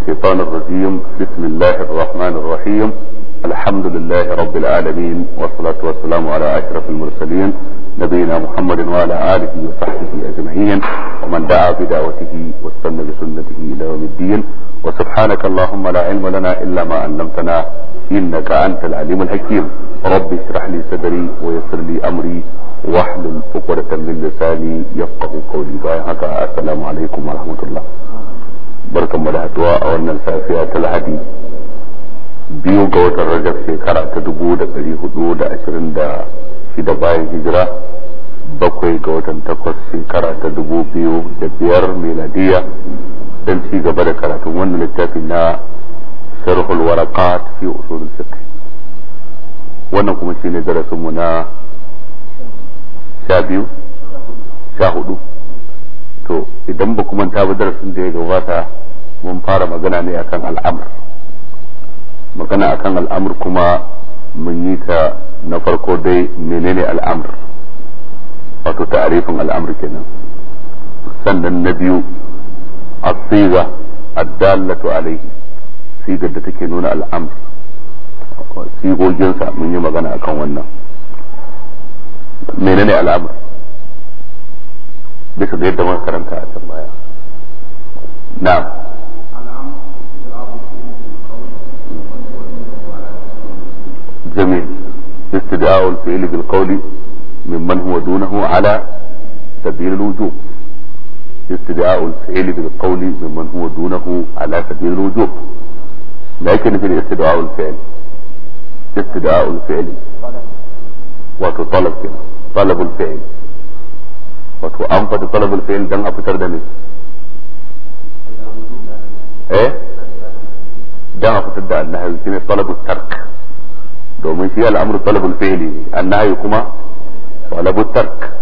الشيطان الرجيم بسم الله الرحمن الرحيم الحمد لله رب العالمين والصلاة والسلام على أشرف المرسلين نبينا محمد وعلى آله وصحبه أجمعين ومن دعا بدعوته واستنى بسنته إلى يوم الدين وسبحانك اللهم لا علم لنا إلا ما علمتنا إنك أنت العليم الحكيم رب اشرح لي صدري ويسر لي أمري واحلل عقدة من لساني يفقه قولي السلام عليكم ورحمة الله barkan mu da haduwa a wannan safiya ta lahadi biyu ga watan rajab shekara ta dubu da ɗari hudu da ashirin da shida bayan hijira bakwai ga watan takwas shekara ta dubu biyu da biyar meladiya don ci gaba da karatun wannan littafi na sharhul waraqat fi usul fiqh wannan kuma shine darasinmu na sha biyu sha hudu to idan ba kuma ta darasin da ya gabata mun fara magana ne akan al'amur magana akan al'amur kuma mun yi ta na farko dai menene al'amur wato ta'arifin al'amur kenan sannan na biyu asiga addallatu alaihi sigar da take nuna al'amur sigoginsa mun yi magana akan wannan menene al'amur bisa ga yadda muka karanta a can baya na'am جميل استدعاء الفعل بالقول ممن هو دونه على سبيل الوجوب استدعاء الفعل بالقول ممن هو دونه على سبيل الوجوب لكن في استدعاء الفعل استدعاء الفعل وتطلب كده طلب الفعل wato an fata talabul fa'il dan a fitar da me eh dan a fitar da annahi shine talabul tark domin shi al'amru talabul fa'ili ne annahi kuma talabul tark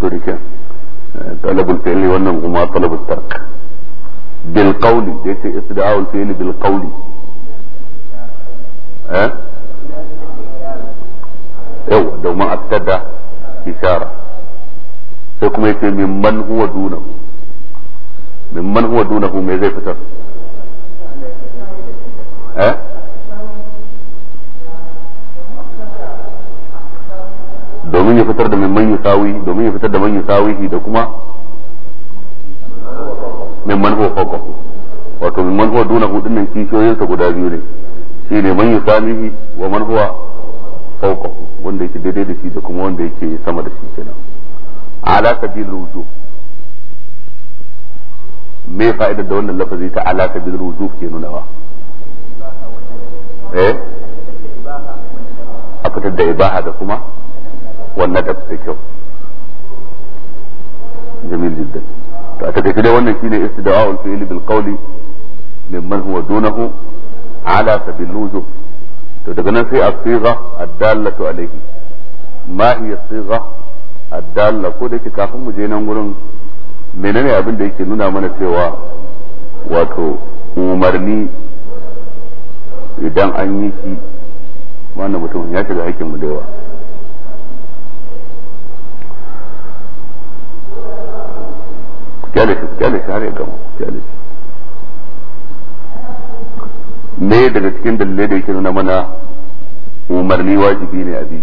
to dike eh, talabul fa'ili wannan kuma talabul tark bil qawli yace istida'ul fa'ili bil qawli eh yau domin a fitar da ishara sai kuma yace mimman huwa dunahu mimman huwa dunahu me zai fitar eh domin ya fitar da mimman yusawi domin ya fitar da man yusawihi da kuma mimman huwa fawqahu wato mimman huwa dunahu dinnan kishiyoyinsa guda biyu ne shine man yusawihi wa man huwa fawqahu wanda yake daidai da shi da kuma wanda yake sama da shi kenan ala sabil wujub me fa'idar da wannan lafazi ta ala sabil wujub ke nunawa eh a fitar da ibaha da kuma wannan da da kyau jamil jiddan to a take dai wannan shine istida'ul fi'li bil qawli mimman huwa dunahu ala sabil wujub to daga nan sai as-sigha ad-dallatu alayhi ma hiya as-sigha ad-dalla ko da kafin mu je nan gurin menene abin da yake nuna mana cewa wato umarni idan an yi shi wannan mutum ya shiga hakkin mu da yawa kyale shi kyale shi har ya gama kyale shi ne daga cikin dalilai da yake nuna mana umarni wajibi ne a bi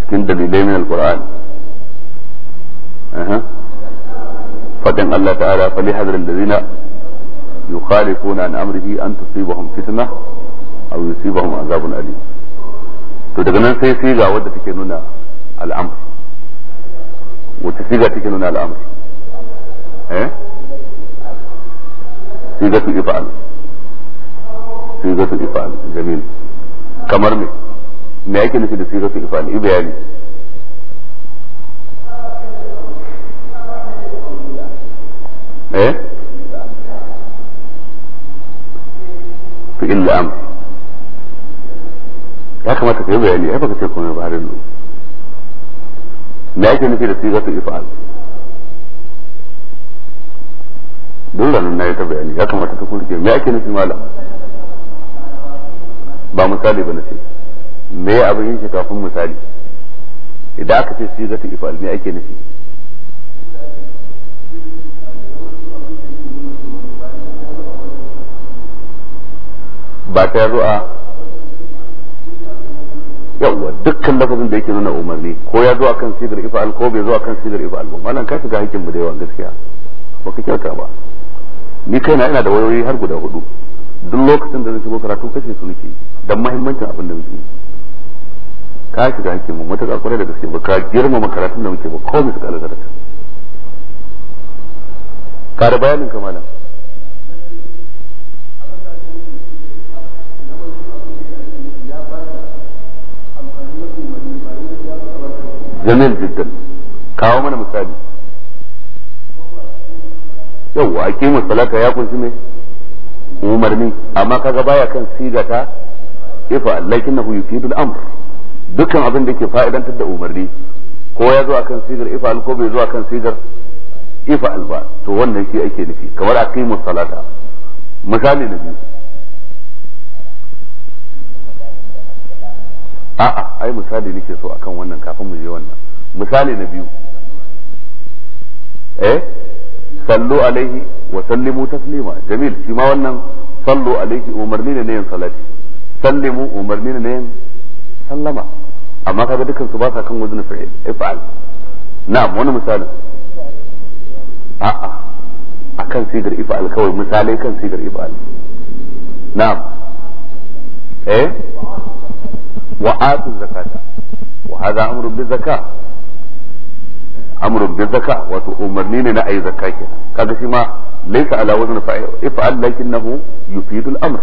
cikin dalilai min alquran fadin Allah ta'ala fali hadar allazina yukhalifuna an amrihi an tusibahum fitna aw yusibahum azabun Ali to daga nan sai siga wadda take nuna al'amr wata siga take nuna al'amr eh sigatu ifa'al sigatul ifal jamil kamar me me yake nufi da sigatul ifal i bayani eh fi'il am ya kamata ka yi bayani ya baka ce komai ba harin me yake nufi da sigatul ifal dole nan na yi ta bayani ya kamata ta kurke me ake nufi malam ba misali ba na ce me abin yin shi kafin misali idan aka ce zata ifal me ake nufi ba ta yi a yawwa dukkan lafazin da yake nuna umarni ko ya zo kan sigar ifal ko bai zo kan sigar ifal ba wannan ka shiga hakkin mu da yawan gaskiya ba ka kyauta ba ni kaina ina da wayoyi har guda hudu duk lokacin da zan shigo karatu kashe su nake dan mahimmancin abin da muke ka shiga hakkin mu mutaka kwarai da gaske ba ka girmama karatun da muke ba ko su kala da ka da bayanin kamala jamil jiddan kawo mana misali yau a kimar salata ya kunshi mai umarni amma kaga baya kan sigata ifa'al lakinnahu yufidul amr dukkan abin da ke fa'idantar da umarni ko ya zo akan sigar ifa'al ko bai zo akan sigar ifa'al ba to wannan shi ake nufi kamar aqimus musalata misali na biyu a'a ai misali nake so akan wannan kafin mu je wannan misali na biyu eh sallu alaihi wa sallimu taslima jamil shi ma wannan sallu alaihi umarni ne yin salati sallimu umarni ne yin sallama amma kaga dukkan su ba sa kan wazn fi'il if'al na'am wani misali a a'a akan sigar if'al kawai misalai kan sigar if'al na'am eh wa atu zakata wa hadha amrun bizaka amrun bizaka wato umarni ne na ayi zakka kenan kaga shi ma laysa ala wazn fa'il if'al lakinnahu yufidu al-amr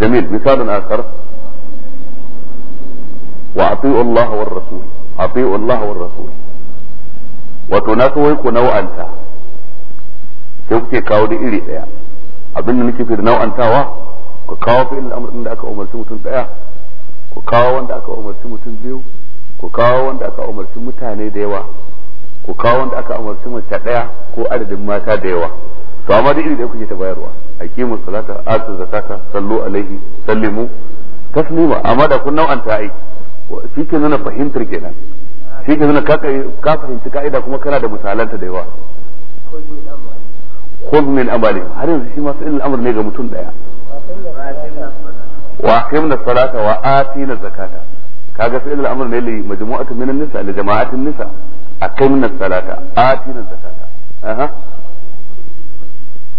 جميل مثال آخر وأطيعوا الله والرسول أطيعوا الله والرسول وتناسوك نوعا sai kuke kawo da iri daya abinda nake fi da nau'antawa ku kawo fi al'amarin da aka umarci mutum daya ku kawo wanda aka umarci mutum biyu ku kawo wanda aka umarci mutane da yawa ku kawo wanda aka umarci mace daya ko adadin mata da to amma da iri da kuke ta bayarwa aqimu salata atu zakata sallu alaihi sallimu taslima amma da kun ta ai shi ke nuna fahimtar kenan shi ke nuna ka fahimci ka'ida kuma kana da misalanta da yawa khudh min amali har yanzu shi ma sai al'amur ne ga mutum daya wa aqimna salata wa atina zakata kaga sai al'amur ne li majmu'atin minan nisa li jama'atin nisa aqimna salata atina zakata aha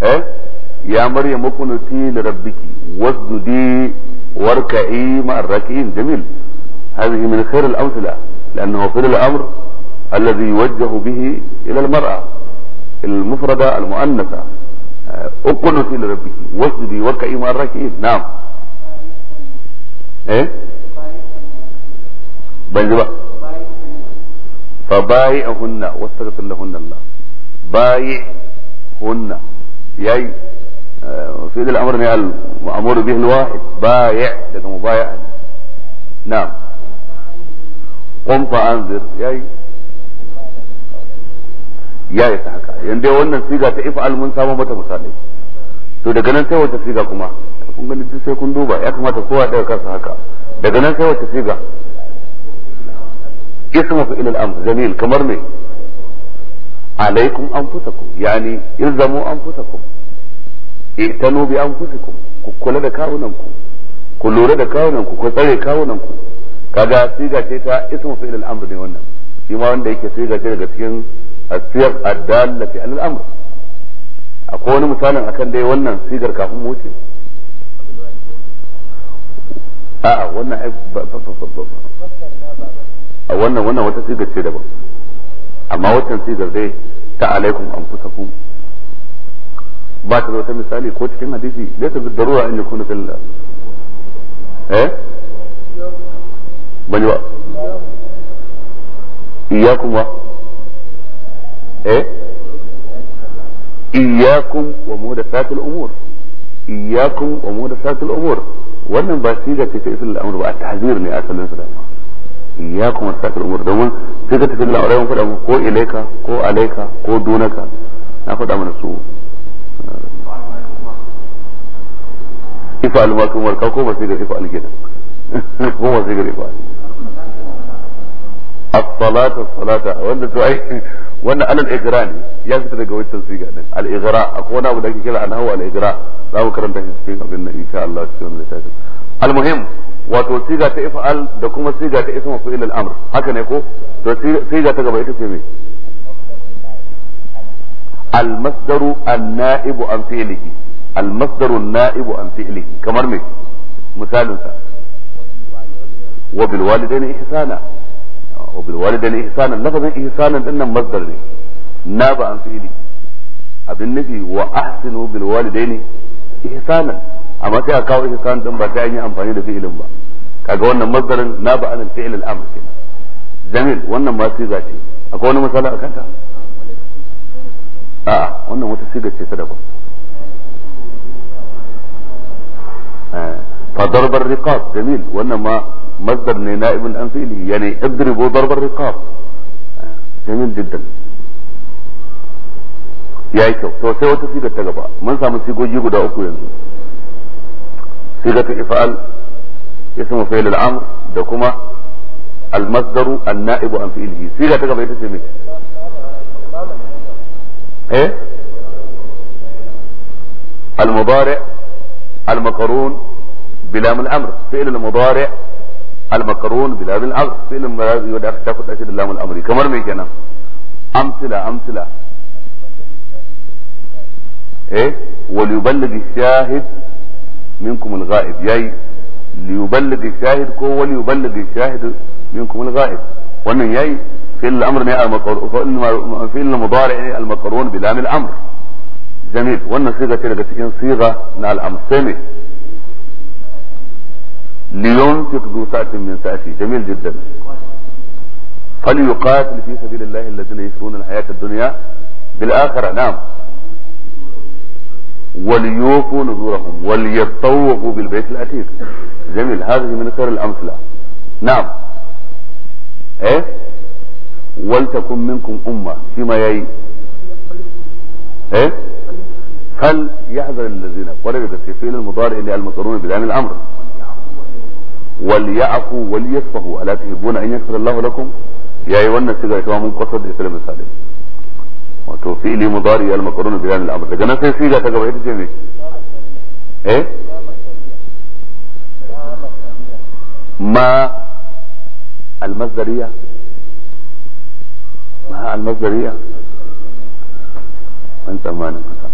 eh ya maryam kunuti li rabbiki wasjudi warka'i ma'ar raki'in jamil هذه من خير الأمثلة لأنه في الأمر الذي يوجه به إلى المرأة المفردة المؤنثة اقنتي آه، لربك واسجدي واركعي مع الركعين نعم ايه بنجي فبايعهن واستغفر لهن الله بايعهن yayi fi dal amr ne al ma'mur bihi al wahid bai' daga mubaya'a na'am qum fa anzir yayi ya yi isa haka yanda wannan siga ta if'al mun samu mata misalai to daga nan sai wata siga kuma kun gani duk sai kun duba ya kamata kowa daga kansa haka daga nan sai wata siga ismu fi ilal amr jamil kamar me alaikum anfusakum yani ilzamu anfusakum itanu bi anfusikum ku kula da kawunanku ku lura da kawunanku ku tsare kawunanku kaga siga ce ta ismu fi'il al-amr ne wannan shi ma wanda yake siga ce daga cikin asiyar ad-dalla fi al-amr akwai wani misalin akan dai wannan sigar kafin mu wuce a'a wannan wannan wannan wata sigar ce daban amma waccan sigar dai ta alaikum an kusa ku ba ta da wata misali ko cikin hadisi zai ta darura an yakuna fil eh bani ba iyakum wa eh iyakum wa al umur iyakum wa al umur wannan ba siga ce ta al amr ba a tahzir ne asalin sa dama iyyakum wasaqil umur domin sai ka tafi la'urai mun faɗa muku ko ilaika ko alaika ko dunaka na faɗa mana su ifa almakum warka ko masu ga ifa algidan ko masu ga ifa as-salata as-salata wanda to ai wannan alal igra ne ya fita daga wancan siga din al igra akwai wani abu da ake kira anhawa al igra za mu karanta shi cikin abin nan insha Allah cikin littafin al muhim wato siga ta if'al da kuma siga ta ismu fi'il al-amr haka ne ko to siga ta gaba ita ce me al-masdaru an-na'ibu an fi'lihi al-masdaru an an fi'lihi kamar me misalin wa bil walidaini ihsana wa bil walidaini ihsana lafazin ihsanan din masdar ne na ba an abin nufi wa ahsinu bil amma sai a kawo ihsan din ba sai an yi amfani da fi'ilin ba kaga wannan masdarin na ba an fi'il al-amr kenan jamil wannan ma siga ce akwai wani misali akan ta A'a wannan wata siga ce ta daban eh, fa darbar riqab jamil wannan ma masdar ne na'ibun an fi'ili yani idribu darbar riqab eh, jamil jiddan yayi kyau to sai wata sigar ta gaba mun samu sigogi guda uku yanzu صيغة إفعال اسم فعل الأمر دكما المصدر النائب عن فعله صيغة كما يتسمي إيه المضارع المقرون بلام الأمر فعل المضارع المقرون بلام الأمر فعل المضارع يودع تاخد أشد لام الأمر كمر ميكنا أمثلة أمثلة إيه وليبلغ الشاهد منكم الغائب ياي ليبلغ الشاهد كو وليبلغ الشاهد منكم الغائب وانا جاي في الامر amr ne fi'il mudari ne al-maqrun bi lam al-amr jamil wannan siga ce daga لينفق ذو سعة من سعته جميل جدا فليقاتل في سبيل الله الذين يشرون الحياة الدنيا بالآخرة نعم وليوفوا نذورهم وليطوفوا بالبيت العتيق جميل هذه من خير الأمثلة نعم ايه ولتكن منكم أمة فيما يي ايه هل يحذر الذين قرروا بالسيفين المضارع اللي المقرون بالعين الأمر وليعفوا وليصفحوا ألا تحبون أن يغفر الله لكم يا أيها الناس إذا من قصد إسلام الصالحين wato fi'li mudari al maqrun bi al amr daga nan sai siga ta gaba ita ce me eh ma al masdariya ma al masdariya an tsammanin haka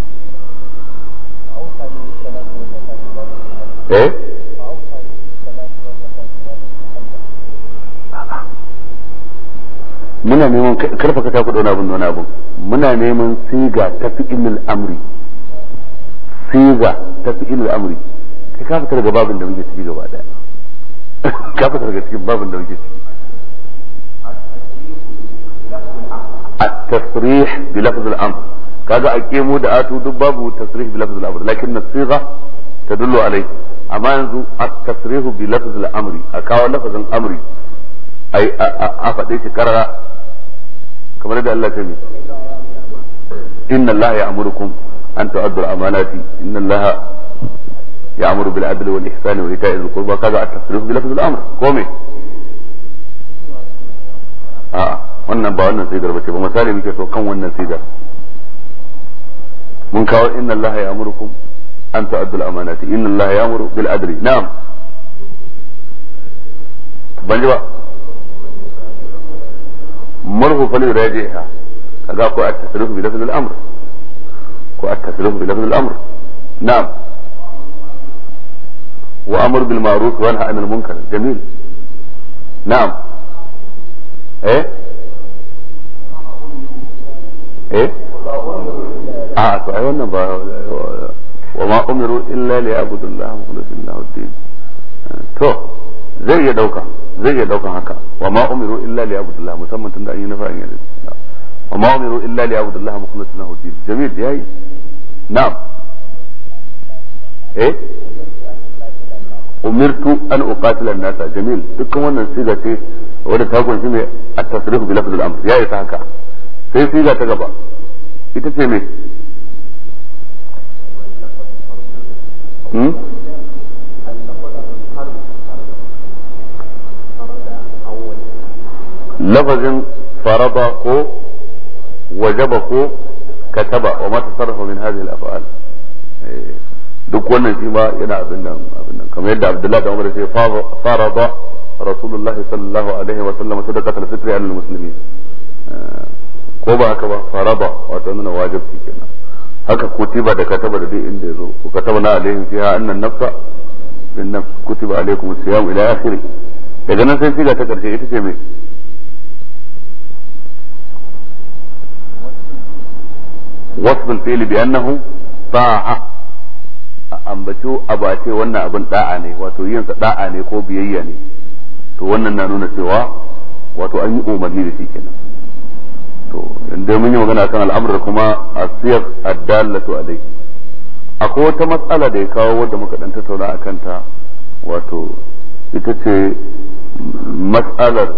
eh muna neman karfa ta ku dona abin dona abin muna neman siga ta fi'ilul amri siga ta fi'ilul amri kai ka fitar ga babin da muke ciki gaba daya ka fitar ga cikin babin da muke ciki التصريح بلفظ الامر كذا اقيموا دعاتوا دباب والتصريح بلفظ الامر لكن الصيغه تدل عليه اما ينزو التصريح بلفظ الامر اكاو لفظ الامر اي افدي قرر kamar da Allah ta yi inna Allah ya amurukum an tu'addu al-amanati inna Allah ya amuru bil adli wal ihsani wa ita'i dhil qurba kaza at-tasrif bil lafzil amr ko me a'a wannan ba wannan sigar bace ba misali muke so kan wannan sigar mun kawo inna Allah ya amurukum an tu'addu al-amanati inna Allah ya amuru bil adli na'am ban ji ba مره فليراجعها هذا هو التسليك بلفظ الامر والتسليك بلفظ الامر نعم وامر بالمعروف وانهى عن المنكر جميل نعم ايه ايه اه صحيح وانا وما امروا الا ليعبدوا الله مخلصين له الدين آه، تو zai iya dauka zai iya daukan haka wa ma umiru illa li abdullah musamman tunda an yi nafa an yi wa ma umiru illa li abdullah mukhlishin lahu din jamil yayi na'am eh umirtu an uqatila an-nas jamil dukkan wannan siga ce wadda ta kunshi mai at-tasrif bi lafzil amr yayi ta haka sai siga ta gaba ita ce me hmm lafazin faraba ko wajaba ko kataba wa ma tasarrafa min hadhihi al-af'al duk wannan shi ma yana abin nan abin nan kamar yadda Abdullahi da Umar sai faraba Rasulullahi sallallahu alaihi wa sallam sadaqatul fitri al muslimin ko ba haka ba faraba wato nuna wajibi kenan haka kutiba da kataba da duk inda yazo ko kataba na alaihim fiha annan nafsa bin nafs kutiba alaikum siyam ila akhirih daga nan sai siga ta karshe ita ce me وصف الفعل بأنه طاعة ambaci abace wannan abin da'a ne wato yin sa da'a ne ko biyayya ne to wannan na nuna cewa wato an yi umarni da shi kenan to inda mun yi magana kan al'amr kuma asiyar addallatu alai akwai wata matsala da ya kawo wadda muka dan tattauna akan ta wato ita ce matsalar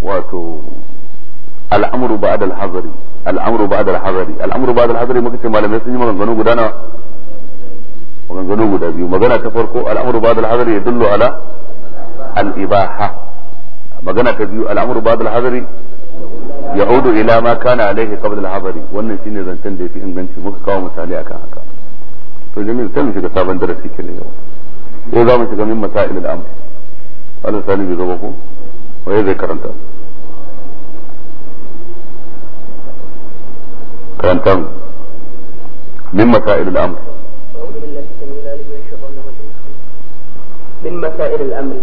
wato al'amru ba'da al-hazari al'amru muka ce malamai sun yi maganganu guda nawa maganganu guda biyu magana ta farko ala magana ta biyu ila ma kana alaihi qabla al wannan shine zancen da fi inganci muka kawo misali akan haka to jami'in sai mu shiga sabon darasi kenan yau yau za mu shiga min masail wannan ko zai karanta كلام من مسائل الأمر أعوذ بالله من من مسائل الأمر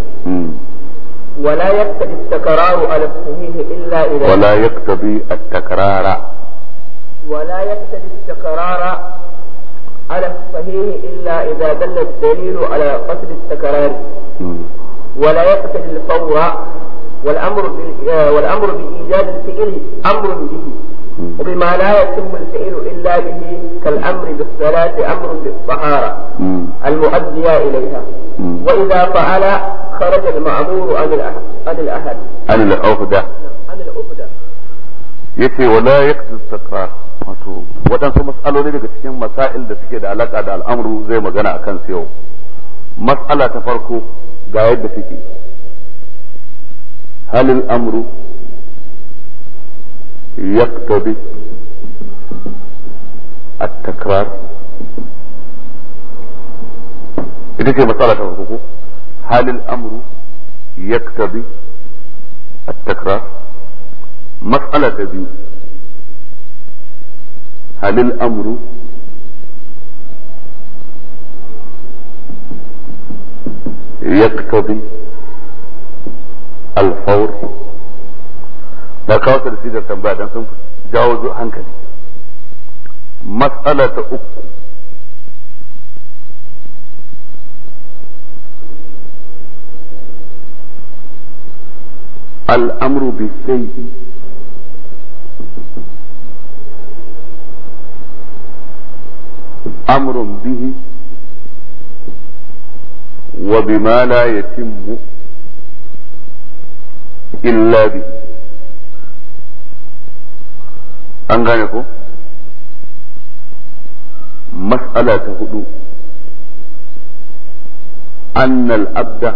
ولا يقتضي التكرار على الصحيح إلا إذا ولا يقتضي التكرار ولا يقتضي التكرار على الصحيح إلا إذا دل الدليل على قصد التكرار ولا يقتضي الفور والأمر آه، والأمر بإيجاد الفعل أمر به بما لا يتم الفعل إلا به كالأمر بالصلاة أمر بالطهارة المؤدية فعل خرج المعمور عن عن عن عن wato waɗansu daga cikin masail da suke da alaƙa da al'amru zai magana a su yau mas'ala ta farko ga yadda suke halil amru يقتضي التكرار إذا كان مسألة هل الأمر يقتضي التكرار مسألة دي هل الأمر يقتضي الفور ba kawo su da sidar tambaya dan sun jawo hankali mas'ala ta uku الأمر بالشيء أمر به وبما لا يتم illa bihi an gane ko mas'ala ta hudu annal abda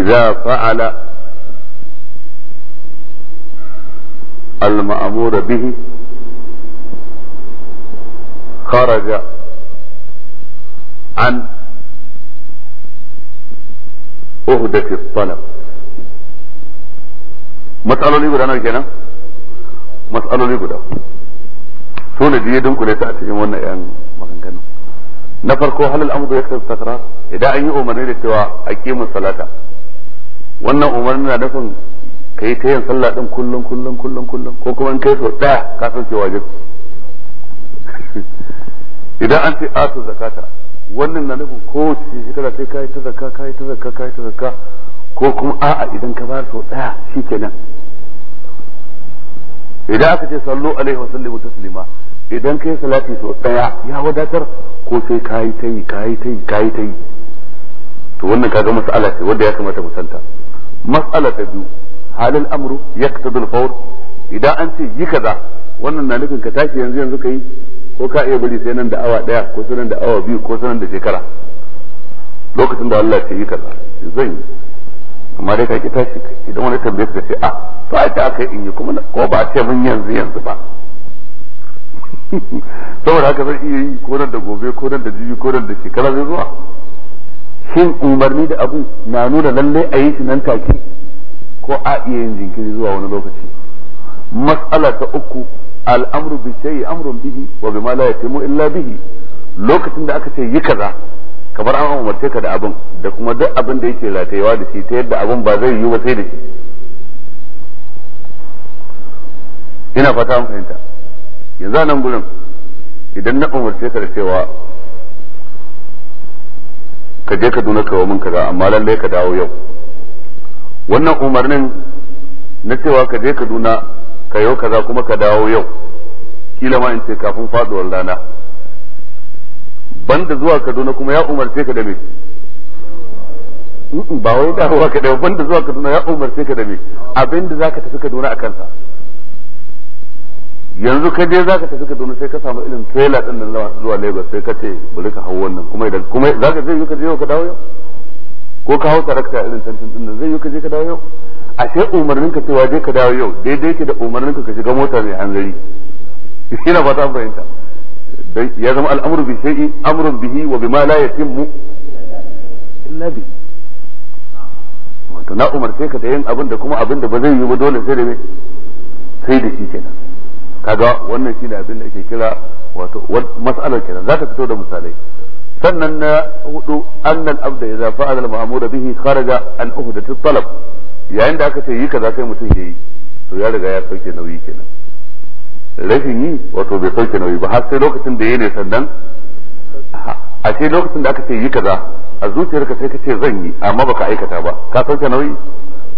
إذا فعل المأمور به خرج عن أهدة الطلب matsaloli guda nawa kenan matsaloli guda su ne biyu dunkule ta a cikin wannan yan maganganu na farko halal amdu ya kasu takara. idan an yi umarni da cewa a kimin salata wannan umarni na nufin ka yi ta yin sallah din kullum kullum kullum kullum ko kuma in kai so ɗaya ka san cewa jib idan an ce asu zakata wannan na nufin kowace shekara sai ka yi ta zakka ka yi ta zakka ka yi ta zakka ko kuma a'a idan ka bar sau daya shikenan idan aka ce sallu alaihi wa taslima idan kai salati sau daya ya wadatar ko sai kayi ta yi kayi ta yi kayi ta yi to wannan kaga mas'ala ce wanda ya kamata mu santa mas'ala ta biyu halin amru yaqtadul fawr idan an ce yi kaza wannan na nufin ka tashi yanzu yanzu kai ko ka iya bari sai nan da awa daya ko sai nan da awa biyu ko sai nan da shekara lokacin da Allah ya yi kaza zan yi amma dai ka ki tashi idan wani tambaye ka ce ah to ai ta aka in yi kuma ko ba a ce mun yanzu yanzu ba saboda haka zan iya yi ko nan da gobe ko nan da jiji ko nan da shekara zai zuwa shin umarni da abu na nuna lallai a yi shi nan take ko a iya yin jinkiri zuwa wani lokaci mas'ala ta uku al'amru bi shay'in amrun bihi wa bima la yatimu illa bihi lokacin da aka ce yi kaza kamar an umarce ka da abin da kuma duk abin da yake ratayewa da shi ta yadda abin ba zai yi ba sai da shi ina fata mun fahimta yanzu a nan gurin idan na umarce ka da cewa ka je ka duna kawo min kaza amma lallai ka dawo yau wannan umarnin na cewa ka je ka duna ka yau kaza kuma ka dawo yau kila ma in ce kafin faduwar rana banda zuwa Kaduna kuma ya umarce ka da me ba wai dawowa ka da banda zuwa Kaduna ya umarce ka da me abinda zaka tafi Kaduna a kansa yanzu ka je zaka tafi Kaduna sai ka samu irin trailer din nan zuwa Lagos sai ka ce bari ka hau wannan kuma idan kuma zaka je ka je ka dawo yau ko ka hau tarakta irin tantan din nan zai yi ka je ka dawo yau ashe umarnin ka cewa je ka dawo yau daidai ke da umarnin ka ka shiga mota mai hanzari ina fata fahimta dan ya zama al'amuru bi shay'i amrun bihi wa bima la yatimmu illa bi wato na umarce ka da yin abin da kuma abin da ba zai yi ba dole sai da me sai da shi kenan kaga wannan shine abin da ake kira wato mas'alar kenan zaka fito da misalai sannan na hudu annal abda idza fa'ala al-ma'mura bihi kharaja an uhdatu talab yayin da aka ce yi kaza sai mutum yayi to ya riga ya sauke nauyi kenan rashin yi wato bai sauke nauyi ba har sai lokacin da ya ne sannan a ce lokacin da aka ce yi kaza a zuciyarka sai ka ce zan yi amma baka aikata ba ka sauke nauyi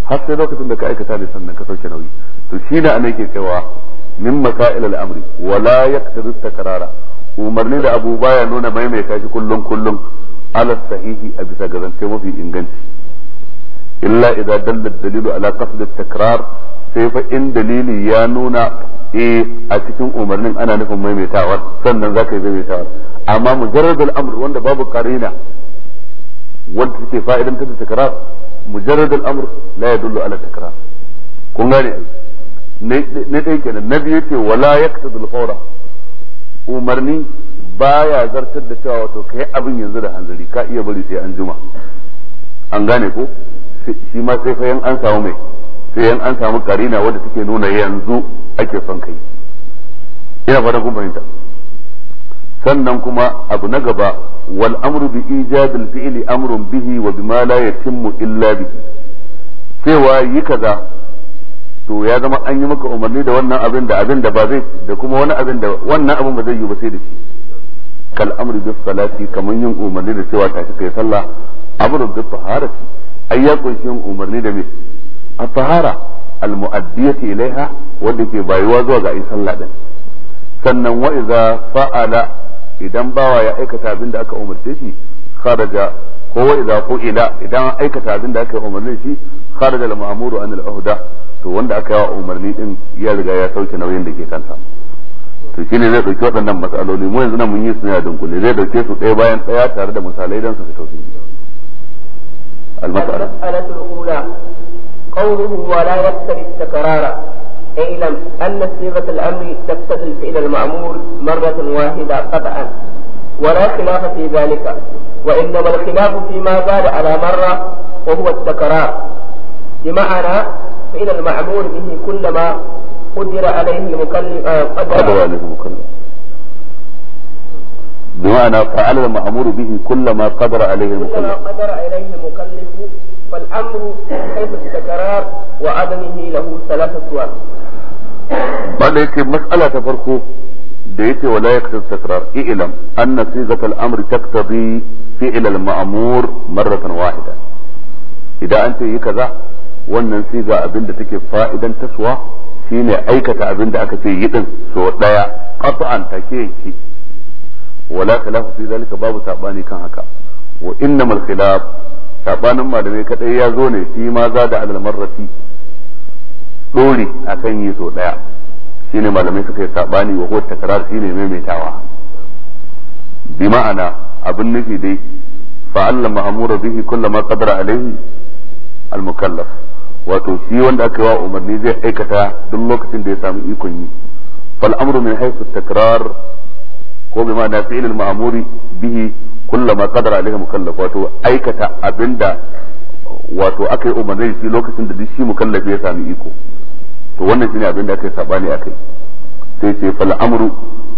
har sai lokacin da ka aikata ne sannan ka sauke nauyi to shi ne ana yake cewa min masail al-amri wala yaqtadi takrara umarni da abu baya nuna maimaita shi kullum kullum ala sahihi a bisa ga mafi inganci illa idza dalla dalilu ala qasd takrar sai fa in dalili ya nuna eh a cikin umarnin ana nufin maimaitawar sannan zaka yi maimaitawar amma mujarrad al-amr wanda babu qarina wanda take fa'idan ta takrar mujarrad al-amr la yadullu ala takrar kun gane ne umarni baya zartar da cewa wato kai abin yanzu da hanzari ka iya bari sai an juma an gane ko shi ma sai fa yan an samu mai sai yan an samu karina wanda take nuna yanzu ake son kai ina fara kun fahimta sannan kuma abu na gaba wal amru bi ijadil fi'li amrun bihi wa bima la yatimmu illa bihi cewa yi kaza to ya zama an yi maka umarni da wannan abin da abin da ba zai da kuma wani abin da wannan abin ba zai yi ba sai da shi kal amru bi salati kaman yin umarni da cewa ta kai sallah amru bi taharati ai ya kunshi umarni da me a tahara almu'addiyati ilaiha wanda ke bayuwa zuwa ga ai sallah din sannan wa idza fa'ala idan bawa ya aikata abin da aka umarce shi kharaja ko wa idza fu'ila idan aikata abin da aka umarce shi kharaja al-ma'muru an al-uhda to wanda aka yawa umarni din ya riga ya sauke nauyin da ke kansa to shine zai dauki waɗannan matsaloli mu yanzu nan mun yi su ne a dunkule zai dauke su ɗaya bayan ɗaya tare da misalai dan su fito su المسألة المسألة الأولى قوله ولا يقتل التكرار اعلم أن صيغة الأمر تقتضي إلى المأمور مرة واحدة قطعا ولا خلاف في ذلك وإنما الخلاف فيما زاد على مرة وهو التكرار بمعنى فإن المعمول به كلما قدر عليه المكلف آه، قدر عليه المكلف بمعنى فعل المأمور به كل ما قدر عليه المكلف كل ما قدر عليه المكلف فالأمر حيث التكرار وعدمه له ثلاثة أوجه بعد هيك مسألة تفرقه ديت ولا يكتب التكرار اعلم أن صيغة الأمر تقتضي فعل المأمور مرة واحدة إذا أنت إيه كذا wannan siga abin da take fa'idan taswa shine aikata abin da aka ce yi din so daya take yanki wala khilafu fi zalika babu sabani kan haka wa innamal khilaf sabanin malamai kadai ya zo ne fi maza da alal marrati dore akan yi so daya shine malamai suka yi sabani wa huwa takrar shine maimaitawa bi ma'ana abin nufi dai fa'alla ma'amura bihi kullama qadara alaihi al-mukallaf wato shi wanda aka yi wa umarni zai aikata duk lokacin da ya samu ikon yi fal amru min haythu takrar ko bi ma na ma'muri bihi kullama qadara alaihi mukallaf wato aikata abinda wato aka umarni shi lokacin da shi mukallafi ya sami iko to wannan shine abin da aka sabani akai sai ce fal amru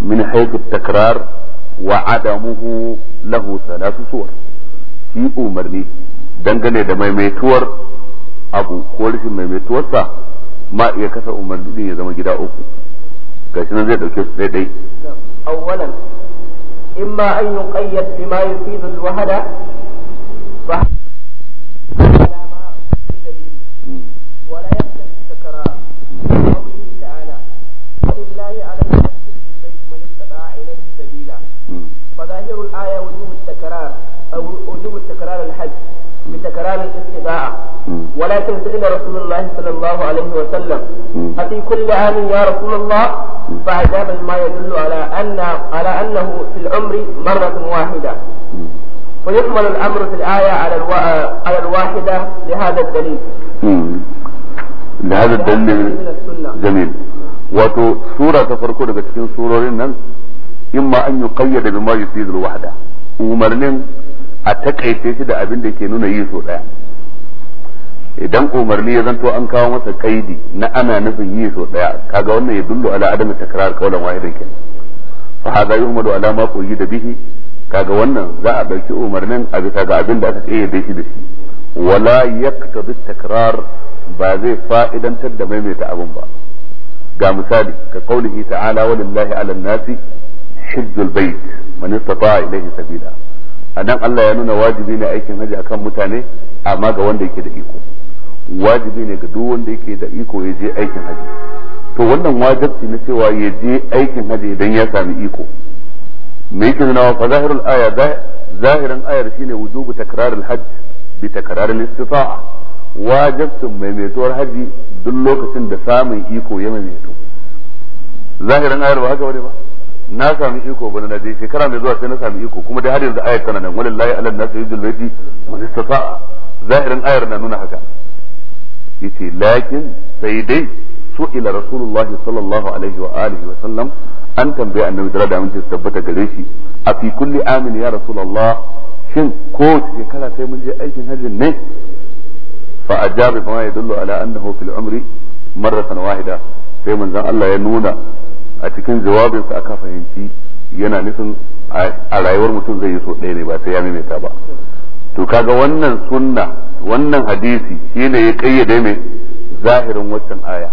min haythu takrar wa adamuhu lahu thalathu suwar shi umarni dangane da maimaituwar abu ko rashin maimaituwarsa ma iya kasa umarni din ya zama gida uku gashi nan zai dauke su daidai أولا إما أن يقيد بما يفيد الوهلة على ما أفيد ولا قوله تعالى ولله البيت استطاع إليه سبيلا فظاهر الآية وجوب التكرار أو وجوب الحج بتكرار الاستطاعة ولكن سئل رسول الله صلى الله عليه وسلم أفي كل عام يا رسول الله فأجاب ما يدل على أن على أنه في العمر مرة واحدة ويحمل الأمر في الآية على الو... على الواحدة لهذا الدليل لهذا الدليل جميل wato sura ta farko daga cikin surorin nan in ma an yi kayyade bi ma yufidul wahda umarnin a takaice shi idan umarni ya zanto an kawo masa kaidi na ana nufin yi so daya kaga wannan ya dullu ala adam takrar kaulan wahidan kenan fa hada yuhmadu ala ma da bihi kaga wannan za a dauki umarnin a bisa ga abin da aka kayyade shi da shi wala yaqtadi takrar ba zai fa'idantar da maimaita abin ba ga misali ka qawlihi ta'ala walillahi ala nasi hijjul bait man istata'a ilayhi sabila anan Allah ya nuna wajibi ne aikin haji akan mutane amma ga wanda yake da iko wajibi ne ga duk wanda yake da iko ya je aikin haji to wannan wajibi na cewa ya je aikin haji idan ya sami iko me yake nuna fa zahirul aya zahirin ayar shine wujubu takrarul hajj bi takrarul istita'a wajibin maimaituwar haji duk lokacin da samun iko ya maimaitu zahirin ayar ba haka bane ba na sami iko bana na je shekara mai zuwa sai na sami iko kuma dai har yanzu ayar tana nan walillahi ala nas yujul baiti man istata'a zahirin ayar na nuna haka yace lakin sai dai su ila rasulullahi sallallahu alaihi wa alihi wa sallam an tambaye annabi da da amince tabbata gare shi a fi kulli amin ya rasulullah shin ko shekara sai mun je aikin hajji ne fa ajaba bima yadullu ala annahu fil umri marratan wahida sai manzon Allah ya nuna a cikin jawabinsa aka fahimci yana nufin a rayuwar mutum zai yi so ɗaya ne ba sai ya maimaita ba to kaga wannan sunna wannan hadisi ne ya kayyade mai zahirin waccan aya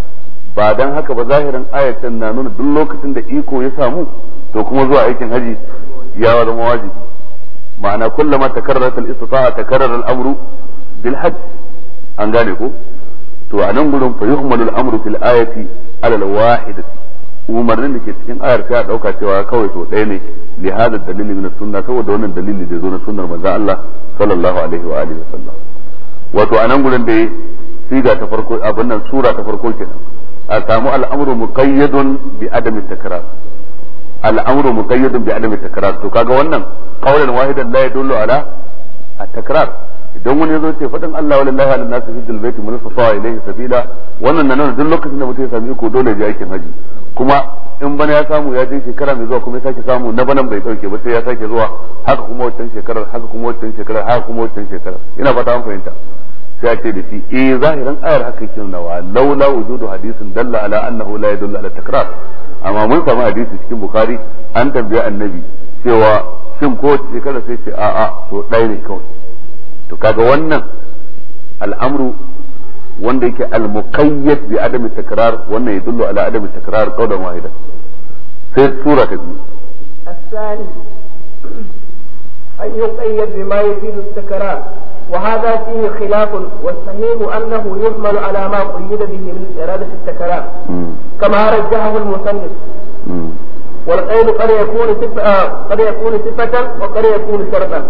ba dan haka ba zahirin ayatan na nuna duk lokacin da iko ya samu to kuma zuwa aikin haji ya zama wajibi ma'ana kullama takarrarat al-istita'a takarrara al-amru bil hajj an gane ko to a nan gurin fa yuhmalu al-amru fil ayati ala al-wahidati umarnin da ke cikin ayar sai a dauka cewa kawai to ɗaya ne li hada dalilin na sunna saboda wannan dalili da zo na sunnar manzo Allah sallallahu alaihi wa alihi wasallam wato anan gurin da siga ta farko abin nan sura ta farko kenan a samu al'amru muqayyadun bi adami takrar al'amru muqayyadun bi adami takrar to kaga wannan qawlan wahidan la yadullu ala a takrar idan wani yazo ce fadin Allah wa lillahi ala nasu hijjul baiti man istata ilayhi sabila wannan nan duk lokacin da mutum ya sami iko dole ya aikin haji kuma in bana ya samu ya je shekara mai zuwa kuma ya sake samu na banan bai dauke ba sai ya sake zuwa haka kuma wancan shekarar haka kuma wancan shekarar haka kuma wancan shekarar ina fata an fahimta sai ya ce da shi eh zahiran ayar haka yake nawa laula wujudu hadisin dalla ala annahu la yadullu ala takrar amma mun samu hadisi cikin bukhari an tambaye annabi cewa din kowace shekara sai ce a'a to ɗaya ne kawai to kaga wannan al'amru wanda yake al-muqayyad bi adami takrar wannan yadullu ala adami takrar qawlan wahida sai sura ta biyu الثاني أن يقيد بما يفيد التكرار وهذا فيه خلاف والصحيح أنه يحمل على ما قيد به من إرادة التكرار كما رجحه المصنف والقول قد يكون صفة آه، قد يكون صفة وقد يكون شرطا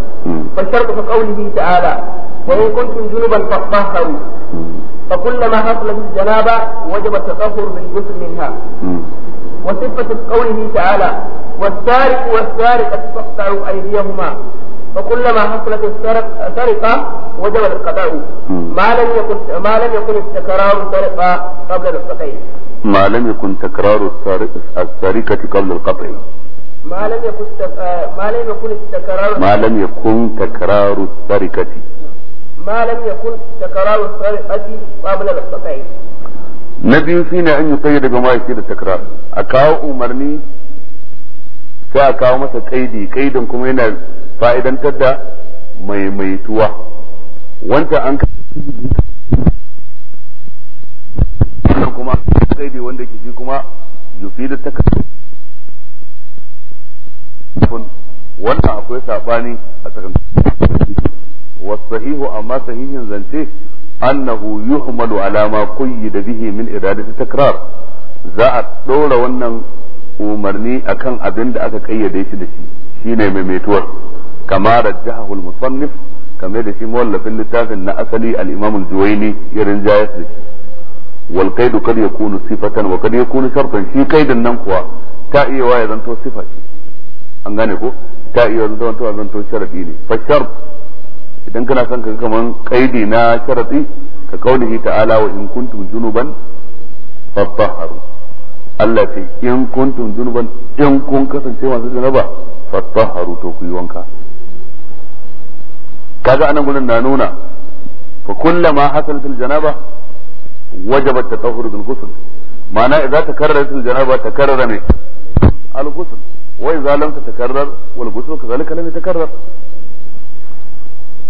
فالشرط قوله تعالى وإن كنتم جنبا فطهروا فكلما حصلت الجنابة وجب التطهر من جزء منها وصفة قوله تعالى والسارق والسارقة فاقطعوا أيديهما فكلما حصلت السرقة وجب القضاء ما لم يكن ما لم يكن السكران سرقة قبل الفقيه ما لم يكن تكرار السرقة قبل القطع ما لم يكن تكرار السرقة ما لم يكن تكرار السرقة قبل القطع na biyu shine an yi kayyade ga ma'aiki da takrar a kawo umarni sai a kawo masa kaidi kaidin kuma yana fa'idantar da maimaituwa wanda an gaibi wanda ke shi kuma yufidu wannan akwai sabani a tsakanin wasahihu amma sahihin zance annahu yuhmalu ala ma da bihi min iradati takrar za a dora wannan umarni akan abin da aka kayyade shi da shi shine maimaituwar kama rajjahu musannif kame da shi mawallafin littafin na asali al-imam al-juwayni irin jayas da shi wal qaidu kad yakunu sifatan wa kad yakunu shartan shi qaidan nan kuwa ta iya wa ya zanto sifa ce an gane ko ta iya fa idan kana son ka kaman kaidi na sharadi ka kaulihi ta'ala wa in kuntum junuban fatahharu Allah ce in kuntum junuban in kun kasance masu janaba fatahharu to ku yi wanka kaga anan gurin na nuna fa kullama hasalat al janaba ta tatahuru da ghusl ma'ana idza takarrarat al janaba takarrara ne al ghusl wa idza lam tatakarrar wal ghusl kadhalika lam yatakarrar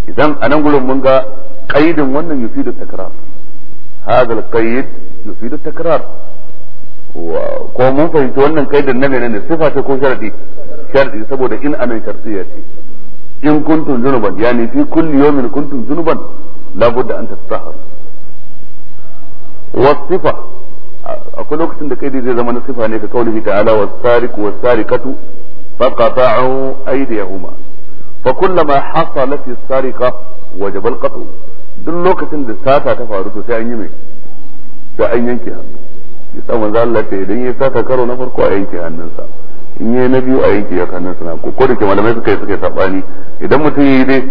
idan anan gurin mun ga qaidin wannan yufidu takrar hadha al qaid yufidu takrar ko mun fahimci wannan kaidin na menene sifa ce ko sharadi sharadi saboda in anan shartiya ce in kuntum junuban yani fi kulli yawmin kuntum junuban labudda an tatahharu wasifa akwai lokacin da kaidi zai zama na sifa ne ka kaulihi ta'ala was a was-sariqatu ya huma. fa kullama hasalat as-sariqa wajaba al-qat'u duk lokacin da sata ta faru to sai an yi mai sai an yanke hannu Ya yasa manzo Allah ta idan ya sata karo na farko a yanke hannunsa in yayi na biyu a yanke ya hannunsa na ko da ke malamai suka yi suka sabani idan mutum ya yi dai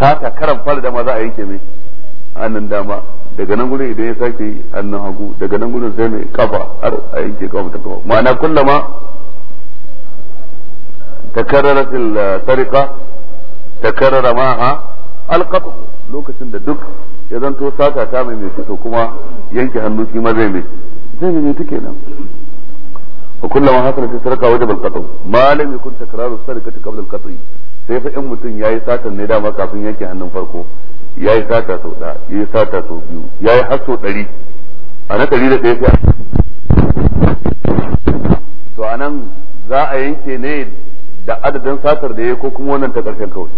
sata karan fara dama za a yanke mai hannun dama daga nan gurin idan ya sake yi hagu daga nan gurin sai mai kafa har a yanke kawo ta kawo ma'ana kullama takarrarat al-sariqa takarrara maha al-qatl lokacin da duk ya zanto sata ta mai mai fito kuma yanke hannu shi ma zai mai zai mai mai kenan wa kullama haka sarqa wajib al balkatu ma ya kunta takraru sarqati ta al-qatl sai fa in mutum yi satan ne dama kafin yanke hannun farko ya yi sata sau ɗaya ya yi sata sau biyu ya yi har sau ɗari a na ɗari da ɗaya sai to a nan za a yanke ne da adadin satar da ya ko kuma wannan ta ƙarshen kawai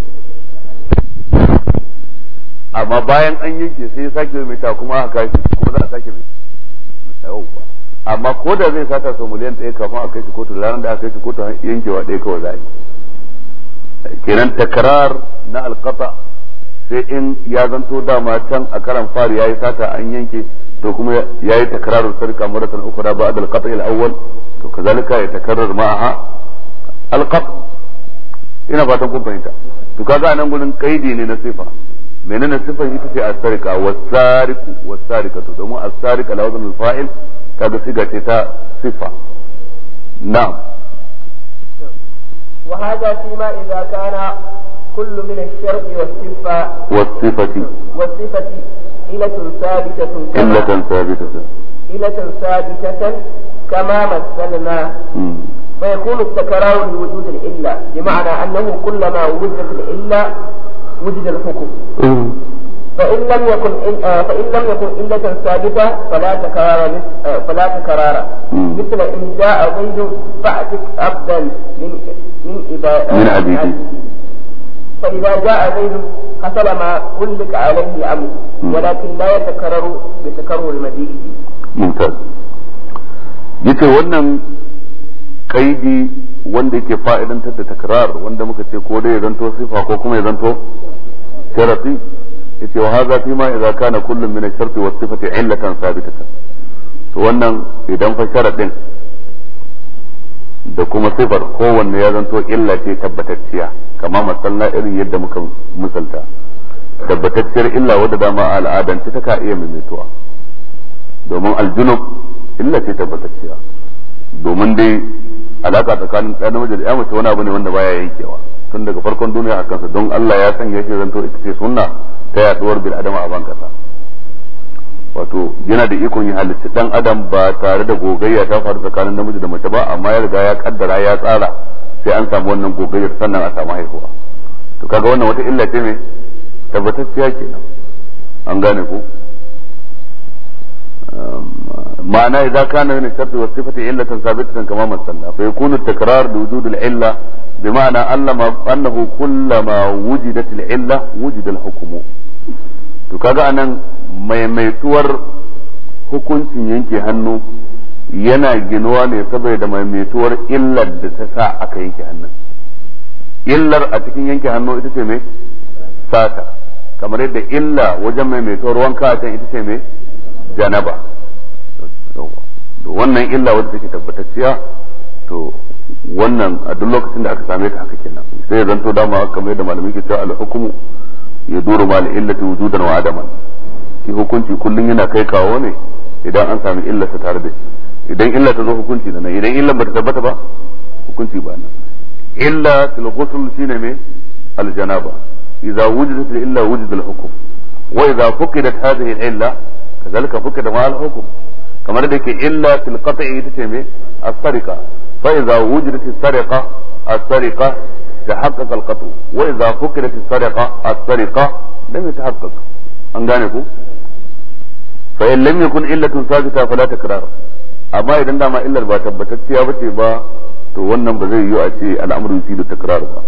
amma bayan an yanke sai ya sake mai ta kuma aka kashi kuma za a sake mai amma ko da zai sata sau miliyan ɗaya kafin a kai shi kotu ranar da aka kai shi kotu yankewa ɗaya kawai za a yi kenan takarar na alƙafa sai in ya zanto dama can a karan fari yayi sata an yanke to kuma yayi takrarul sarqa maratan ukhra ba'da al-qat' al-awwal to kazalika ya takarrar ma'aha al-qat' ina fatan kun fahimta to kaga nan gurin kaidi ne na sifa menene sifar ita ce as-sarqa was-sariqu was-sariqatu domin as-sariqa lawzan al-fa'il kaga siga ce ta sifa na'am وهذا فيما إذا كان كل من الشرط والصفة والصفة والصفة إلة ثابتة إلة ثابتة إلة ثابتة كما مثلنا فيكون التكرار لوجود العلة بمعنى أنه كلما وجدت العلة وجد الحكم إيه. فإن لم يكن آه، فإن لم يكن إلة ثابتة فلا تكرار آه، فلا تكرار مثل إن جاء زيد فأتك أبدا من من من عبيدي آه، فإذا جاء ليل حصل ما علق عليه أمر ولكن لا يتكرر بتكرر مجيئه ممتاز yace wannan kaidi wanda yake fa'idantar da takrar wanda muka ce ko dai ya zanto sifa ko kuma ya zanto sharati ce wa hadha fi ma idza kana kullun min ash-sharti was sifati illatan sabitatan to wannan idan fa sharadin da kuma sifar kowanne ya zanto illa ce tabbatacciya kama masalla irin yadda muka misalta tabbatacciyar illa wadda dama a al'adance ta ka iya maimaituwa domin aljunub illa ce tabbatacciya domin dai alaka tsakanin ɗan namiji da ya mace wani abu ne wanda baya yankewa tun daga farkon duniya a kansa don Allah ya sanya shi zanto ita ce sunna ta yaduwar bil adama a ban kasa wato yana da ikon yi halitta dan adam ba tare da gogayya ta faru tsakanin namiji da mace ba amma ya riga ya kaddara ya tsara sai an samu wannan gogayyar sannan a samu haihuwa to kaga wannan wata illa ce ne tabbatacciya kenan an gane ku. ma'ana idan kana ne sharti wa sifati illatan sabitatan kama man sanna fa yakunu takrar li wujud al illa bi ma'ana annahu kullama wujidat al illa wujida al hukmu to kaga anan maimaituwar hukuncin yanke hannu yana ginuwa ne saboda maimaituwar illar da ta sa aka yanke hannun illar a cikin yanke hannu ita ce mai sata kamar yadda illa wajen maimaituwar wanka a can ita ce mai janaba wannan illa wadda take tabbatacciya to wannan a duk lokacin da aka same ta haka kenan sai ya zanto dama kamar yadda malamai ke cewa al-hukmu ya duru ma illati wujudan wa adaman hukunci kullun yana kai kawo ne idan an sami illarsa tare da idan illa ta zo hukunci nan idan illa bata tabbata ba hukunci ba nan illa til ghusl shine me al janaba idza wujidat al illa wujida al hukm wa idza fuqidat hadhihi al illa ma da ke illa me تحقق القتل وإذا فكرت السرقة السرقة لم يتحقق أن ذلك فإن لم يكن إلة ثابتة فلا تكرار أما إذا دام إلا با تبتت يا با to wannan ba zai yi a ce al'amuru yufi da takrar ba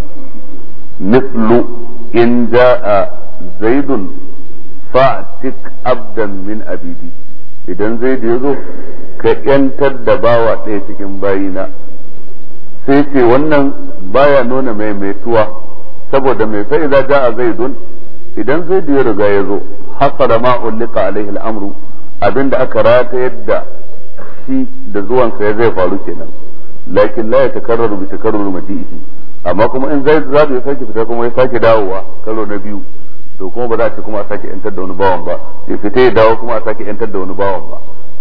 mislu in ja'a zaidun fa'tik abdan min abidi idan zaidu ya zo ka da bawa ɗaya cikin bayina sai ce wannan baya nuna mai maituwa saboda mai fa'i za ja a zaidun idan zaidu ya riga ya zo hasara ma ulika alaihi al'amru abinda aka rata yadda shi da zuwan ya zai faru kenan lakin la ya takarraru bi takarrur madihi amma kuma in zai za ya sake fita kuma ya sake dawowa karo na biyu to kuma ba za ta kuma a sake yantar da wani bawan ba ya fita ya dawo kuma a sake yantar da wani bawan ba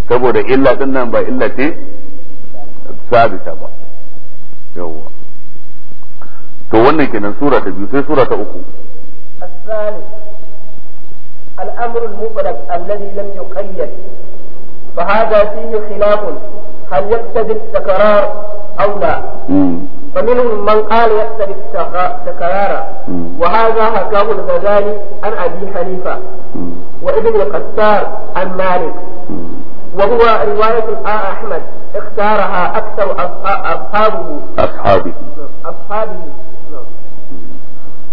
saboda illa din nan ba illa ce sabita ba yawwa to wannan kenan sura ta biyu sai sura ta uku الثالث الأمر المطلق الذي لم يقيد فهذا فيه خلاف هل يقتضي التكرار أو لا فمنهم من قال يقتضي التكرار وهذا حكاه الغزالي عن أبي حنيفة وابن القتار عن مالك وهو رواية أحمد اختارها أكثر أصحابه أصحابه أصحابه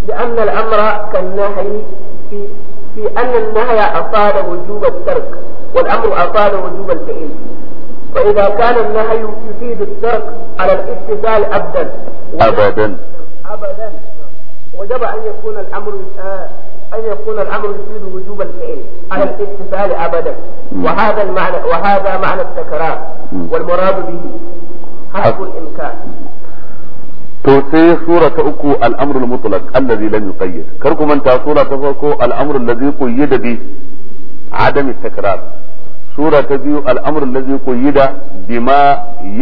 لأن الأمر كالنهي في في أن النهي أصاب وجوب الترك والأمر أصاب وجوب الفعل فإذا كان النهي يفيد الترك على الاتصال أبدا أبدا أبدا وجب أن يكون الأمر أن يكون الأمر يفيد وجوب الفعل على الامتثال أبدا وهذا المعنى وهذا معنى التكرار والمراد به حسب الإمكان to sai sura ta uku al'amrul mutlaq allazi lam yuqayyad kar ku manta sura ta farko al'amrul ladzi qayyada bi adami takrar sura ta biyu al'amrul ladzi qayyada bima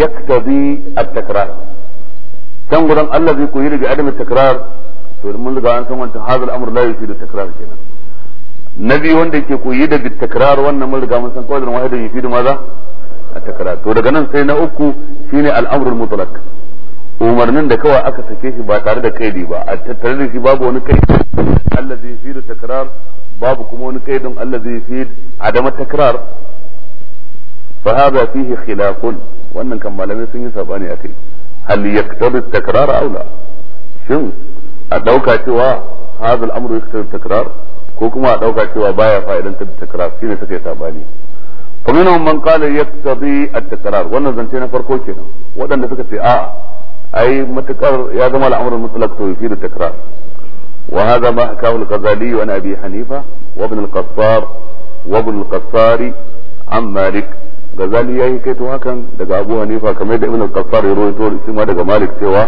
yaktabi at-takrar kan gudan allazi qayyada bi adami takrar to mun ga an san wancan hazal amr la takrar kenan biyu wanda yake koyi da takrar wannan mun riga mun san kawai wahidin yufidu maza a takrar to daga nan sai na uku shine al'amrul mutlaq umarnin da kawai aka sake shi ba tare da kaidi ba a tattare da shi babu wani kaidi allazi yufidu takrar babu kuma wani kaidin allazi yufid adama takrar fa hada fihi khilafun wannan kan malamai sun yi sabani akai hal yaqtadi takrar aw la a ɗauka cewa hadal amru yaktar takrar ko kuma a ɗauka cewa baya fa'idantar da takrar shine suka yi sabani fa minhum man qala yaqtadi at-takrar wannan zance na farko kenan waɗanda suka ce a'a ai matakar ya zama al-amru mutlaq to yafi da takrar وهذا ما حكاه الغزالي عن ابي حنيفه وابن القصار وابن القصار عن مالك غزالي ياهي كيتو هكا دقا ابو حنيفه كما يدعي ابن القصار يروي تول اسمه دقا مالك سوى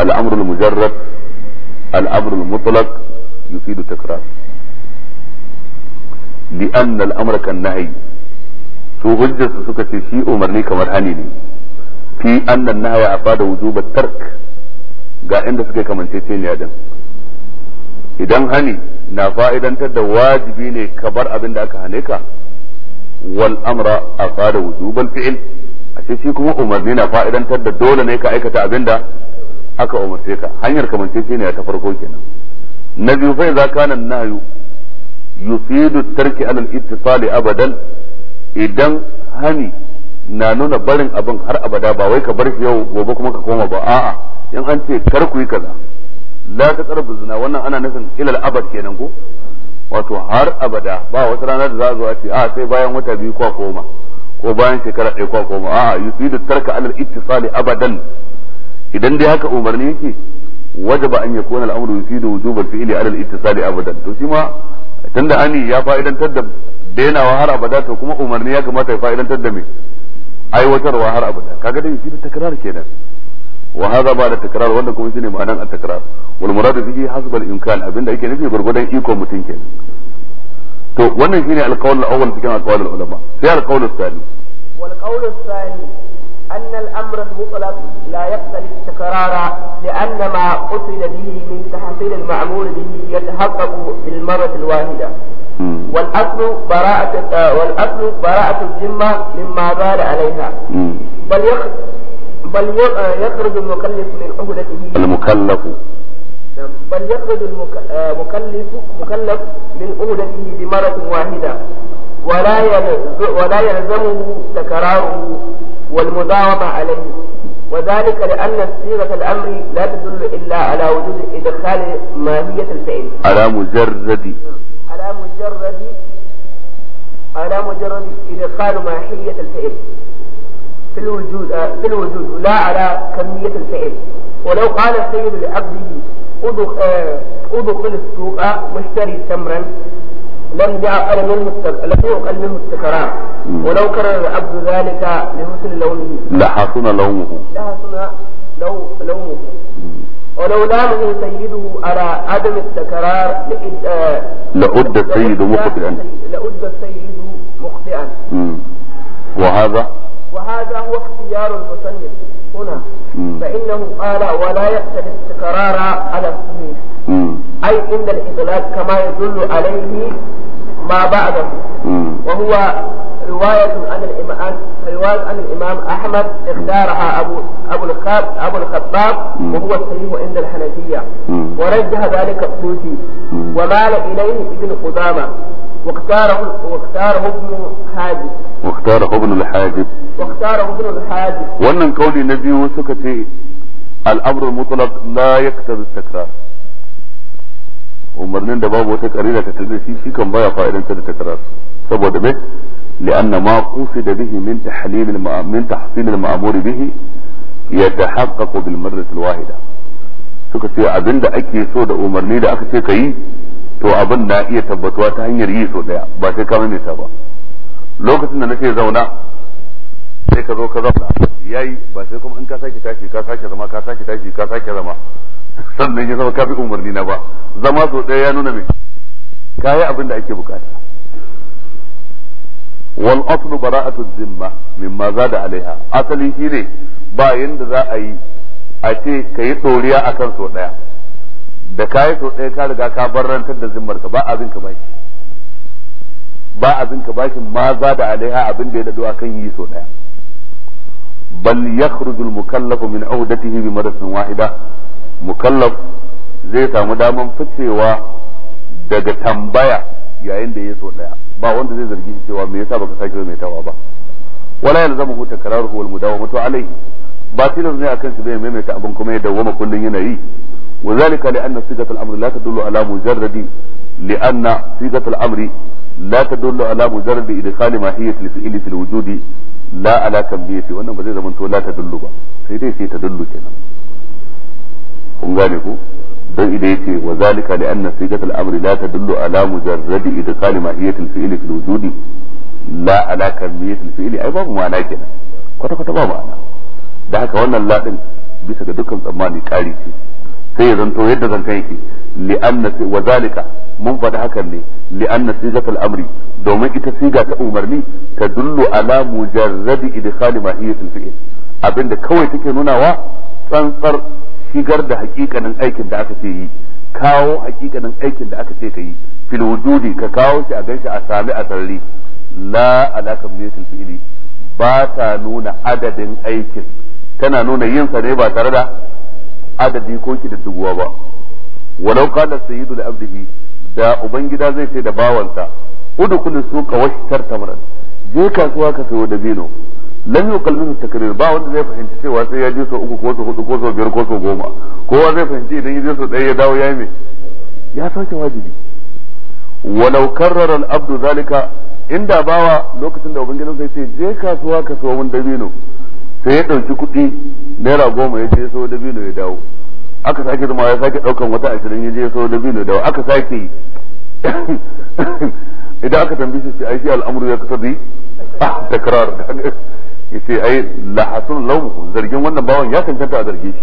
الامر المجرد الأمر المطلق يفيد التكرار لأن الأمر كالنهي su hujjarsu suka ce shi umarni kamar hani ne fi annan nahwa afada wujuba tark ga inda suka kamance ce ne idan hani na fa'idantar da wajibi ne ka bar abin da aka hane ka wal amra afada wujubal a ce shi kuma umarni na fa'idantar da dole ne ka aikata abin da aka umarce ka hanyar ne ta farko kenan na biyu fa za nahyu yufidu tarki alal ittisali abadan idan hani na nuna barin abin har abada ba wai ka bar shi yau gobe kuma ka koma ba a'a in an ce kar ku yi kaza la ta tsarbu zina wannan ana nufin ilal abad kenan ko wato har abada ba wata rana da za a zo a ce a sai bayan wata biyu kwa koma ko bayan shekara ɗaya kwa koma a'a yufidu tarka alal ittisali abadan idan dai haka umarni yake wajaba an yakuna al'amru yufidu wujub al-fi'li ala al-ittisali abadan to shi ma da ani ya fa'idantar da dainawa har abada to kuma umarni ya kamata ya fa'idantar da mai aiwatarwa har abada kaga dai da takrar kenan wa hadha ba da takrar wanda kuma shine ma'anan a takrar wal muradu bihi hasbal imkan abinda ake nufi gurgudan iko mutum kenan to wannan shine alqawl al-awwal cikin alqawl al-ulama sai alqawl al-thani wal qawl al-thani أن الأمر المطلق لا يختلف تكرارا لأن ما قتل به من تحصيل المعمول به يتحقق بالمرة الواحدة والأصل براءة والأصل براءة الذمة مما زال عليها بل يخ بل يخرج المكلف من عهدته المكلف نعم. بل يخرج المكلف آه، مكلف من عهدته بمرة واحدة ولا ولا يلزمه تكراره والمداومة عليه وذلك لأن صيغة الأمر لا تدل إلا على وجود إدخال ماهية الفعل على مجرد على مجرد على مجرد إدخال ماهية الفعل في الوجود في الوجود لا على كمية الفعل ولو قال السيد لعبده آه، ادخل السوق واشتري تمرا لم يعقل منه لم يعقل منه التكرار ولو كرر العبد ذلك لحسن لونه لحسن لومه لحسن لو لومه ولو لامه سيده على عدم التكرار آه، لأد لأد السيد مخطئا لأد السيد مخطئا وهذا وهذا هو اختيار المصنف هنا فإنه قال ولا يقتضي استقرار على الصحيح أي إن الإدلاك كما يدل عليه ما بعده وهو رواية عن الإمام رواية عن الإمام أحمد اختارها أبو أبو الخطاب أبو الخطاب وهو الصحيح عند الحنفية ورجح ذلك الطوسي ومال إليه ابن قدامة واختاره واختاره ابن حاجب واختاره ابن الحاجب واختاره ابن الحاجب wannan kauli na biyu suka ce al'amrul mutlaq la yaktabi takrar umarnin da babu wata karira ta tare shi shi kan baya fa'idan ta takrar saboda me لأن ما قصد به من تحليل الم... من تحصيل المأمور به يتحقق بالمرة الواحدة suka ce abin da ake so da umarni da aka ce ka yi to abin na iya tabbatuwa ta hanyar yi so daya ba sai ka maimaita ba lokacin da nake zauna sai ka zo ka zauna yayi ba sai kuma in ka sake tashi ka sake zama ka sake tashi ka sake zama sannan ya zama ka fi umarni na ba zama so daya ya nuna mai yi abin da ake bukata wal aslu bara'atu zimma mimma zada alaiha asali shine ba yanda za a yi a ce kayi tsoriya akan so daya da ka yi to ɗaya ka riga ka barrantar da zimmar ka ba abin ka baki ba abin ka baki ma za da alaiha abin da ya dadu akan yi so ɗaya bal yakhruju al mukallafu min uhdatihi bi marasin wahida mukallaf zai samu daman ficewa daga tambaya yayin da ya so ɗaya ba wanda zai zargi shi cewa me yasa baka sake mai tawa ba wala yalzamu takraruhu wal mudawamatu alayhi ba tilas ne akan su bai maimaita abin kuma ya dawwama kullun yana yi وذلك لأن صيغة الأمر لا تدل على مجرد لأن صيغة الأمر لا تدل على مجرد إدخال ماهية الفعل في الوجود لا على تنبيته وأنا بدي زمان لا تدل با سيدي سي تدل كنا kun gane ku don idan yake wa zalika li anna sigat al-amri la tadullu ala mujarrad idkhal mahiyat al-fi'l fi al-wujud la ala kamiyat al-fi'l ai babu ma'ana kenan kwata kwata ma'ana da haka wannan la bisa dukkan tsammani kari sai ya zanto yadda zanka yake li'anna wa zalika mun faɗi hakan ne li'anna sigatul amri domin ita siga ta umarni ta dullu ala mujarradi idkhali mahiyatul fi'l abinda kawai take nunawa tsantsar shigar da hakikanin aikin da aka ce yi kawo hakikanin aikin da aka ce ka yi fil wujudi ka kawo shi a ganshi a sami a sarri la alaka miyatul fi'li ba ta nuna adadin aikin tana nuna yin sa ne ba tare da adadi ko duguwa ba walau qala sayyidu li abdihi da ubangida zai sai da bawansa udkhulu suqa washtar tamran je kasuwa ka sayo dabino lam yuqal minhu takrir ba wanda zai fahimci cewa sai ya je so uku ko so hudu ko so biyar ko so goma kowa zai fahimci idan ya je so ɗaya ya dawo ya yi me ya sauke wajibi walau karrara al-abdu zalika inda bawa lokacin da ubangiji sai ce je kasuwa ka sayo mun dabino sai ya ɗauki kuɗi naira goma ya je ya sau dabino ya dawo aka sake zama ya sake ɗaukan wata ashirin ya je ya sau dabino ya dawo aka sake idan aka tambi shi ai shi al'amuru ya kasa bi takrar ce ai la lahasun lawmukum zargin wannan bawan ya kankanta a zarge shi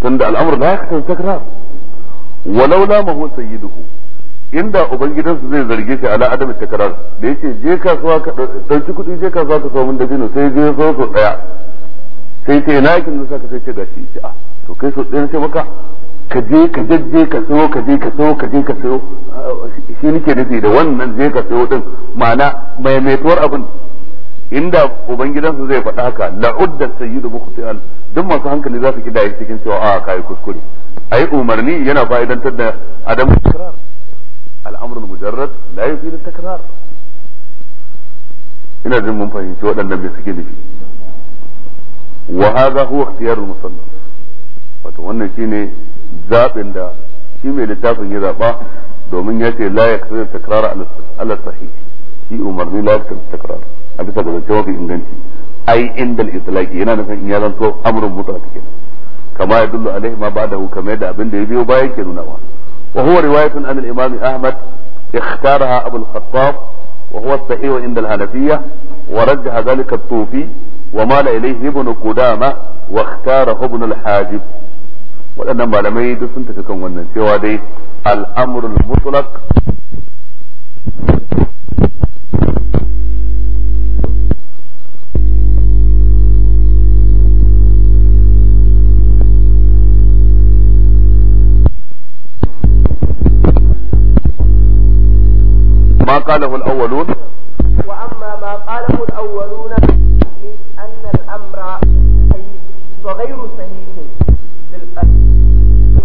tunda al'amuru na ya kasa takrar walau la mahu sayyiduhu inda ubangidansu zai zarge shi ala adam takrar da yace je kasuwa ka dauki kuɗi je kasuwa ka samu dabino sai je so so daya sai ce na yakin nasa ka sai ce gashi shi a ah, to kai so ɗaya sai maka ka je ka jajje ka so ka je ka so ka je ka so shi nake nufi da wannan je ka so din ma'ana mai metuwar abin inda ubangidansu zai faɗa haka la'udda sayyidu mukhti'an duk masu hankali za su kidaye cikin cewa a ah, kai kuskure ai umarni yana fa'idantar da adam takrar al'amrul mujarrad la yufidu takrar ina jin mun fahimci waɗannan me suke nufi wa hadha huwa ikhtiyarul musannaf wato wannan shine zaɓin da shi mai littafin ya zaba domin ya ce la yaqtadi takrar ala sahih shi umarni la yaqtadi takrar a bisa ga zance fi inganci ai inda al-itlaqi yana nufin in ya zanto amrun mutlaq kenan kama yadullu alaihi ma ba da kamar yadda abin da ya biyo baya ke wa. وهو رواية عن الإمام أحمد اختارها أبو الخطاب وهو الصحيح عند الحنفية ورجح ذلك الطوفي ومال إليه ابن قدامة واختاره ابن الحاجب وإنما لم duk sun tafi kan الأمر المطلق ما قاله الأولون وأما ما قاله الأولون من أن الأمر وغير صحيح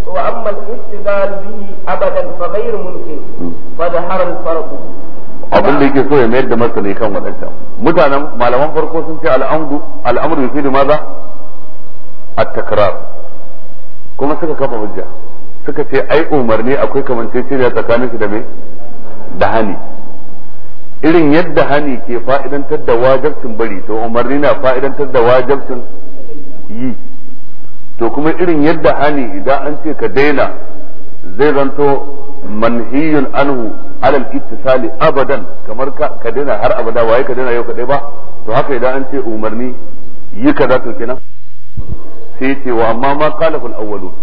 وأما الاستدلال به أبدا فغير ممكن فظهر الفرق abin da yake so ya mayar da martani kan waɗancan mutanen malaman farko sun ce al'amdu al'amru da maza at-takrar kuma suka kafa hujja suka ce ai umarni akwai kamanceceniya tsakaninsu da me da hani irin yadda hani ke fa'idantar da wajabcin bari to umarni na fa'idantar da wajabcin yi to kuma irin yadda hani idan an ce ka daina zai zanto manhiyun anhu alal ittisali abadan kamar ka daina har abada waye ka daina yau kadai ba to haka idan an ce umarni yi kaza to kenan sai ce wa amma ma qalaful awwalun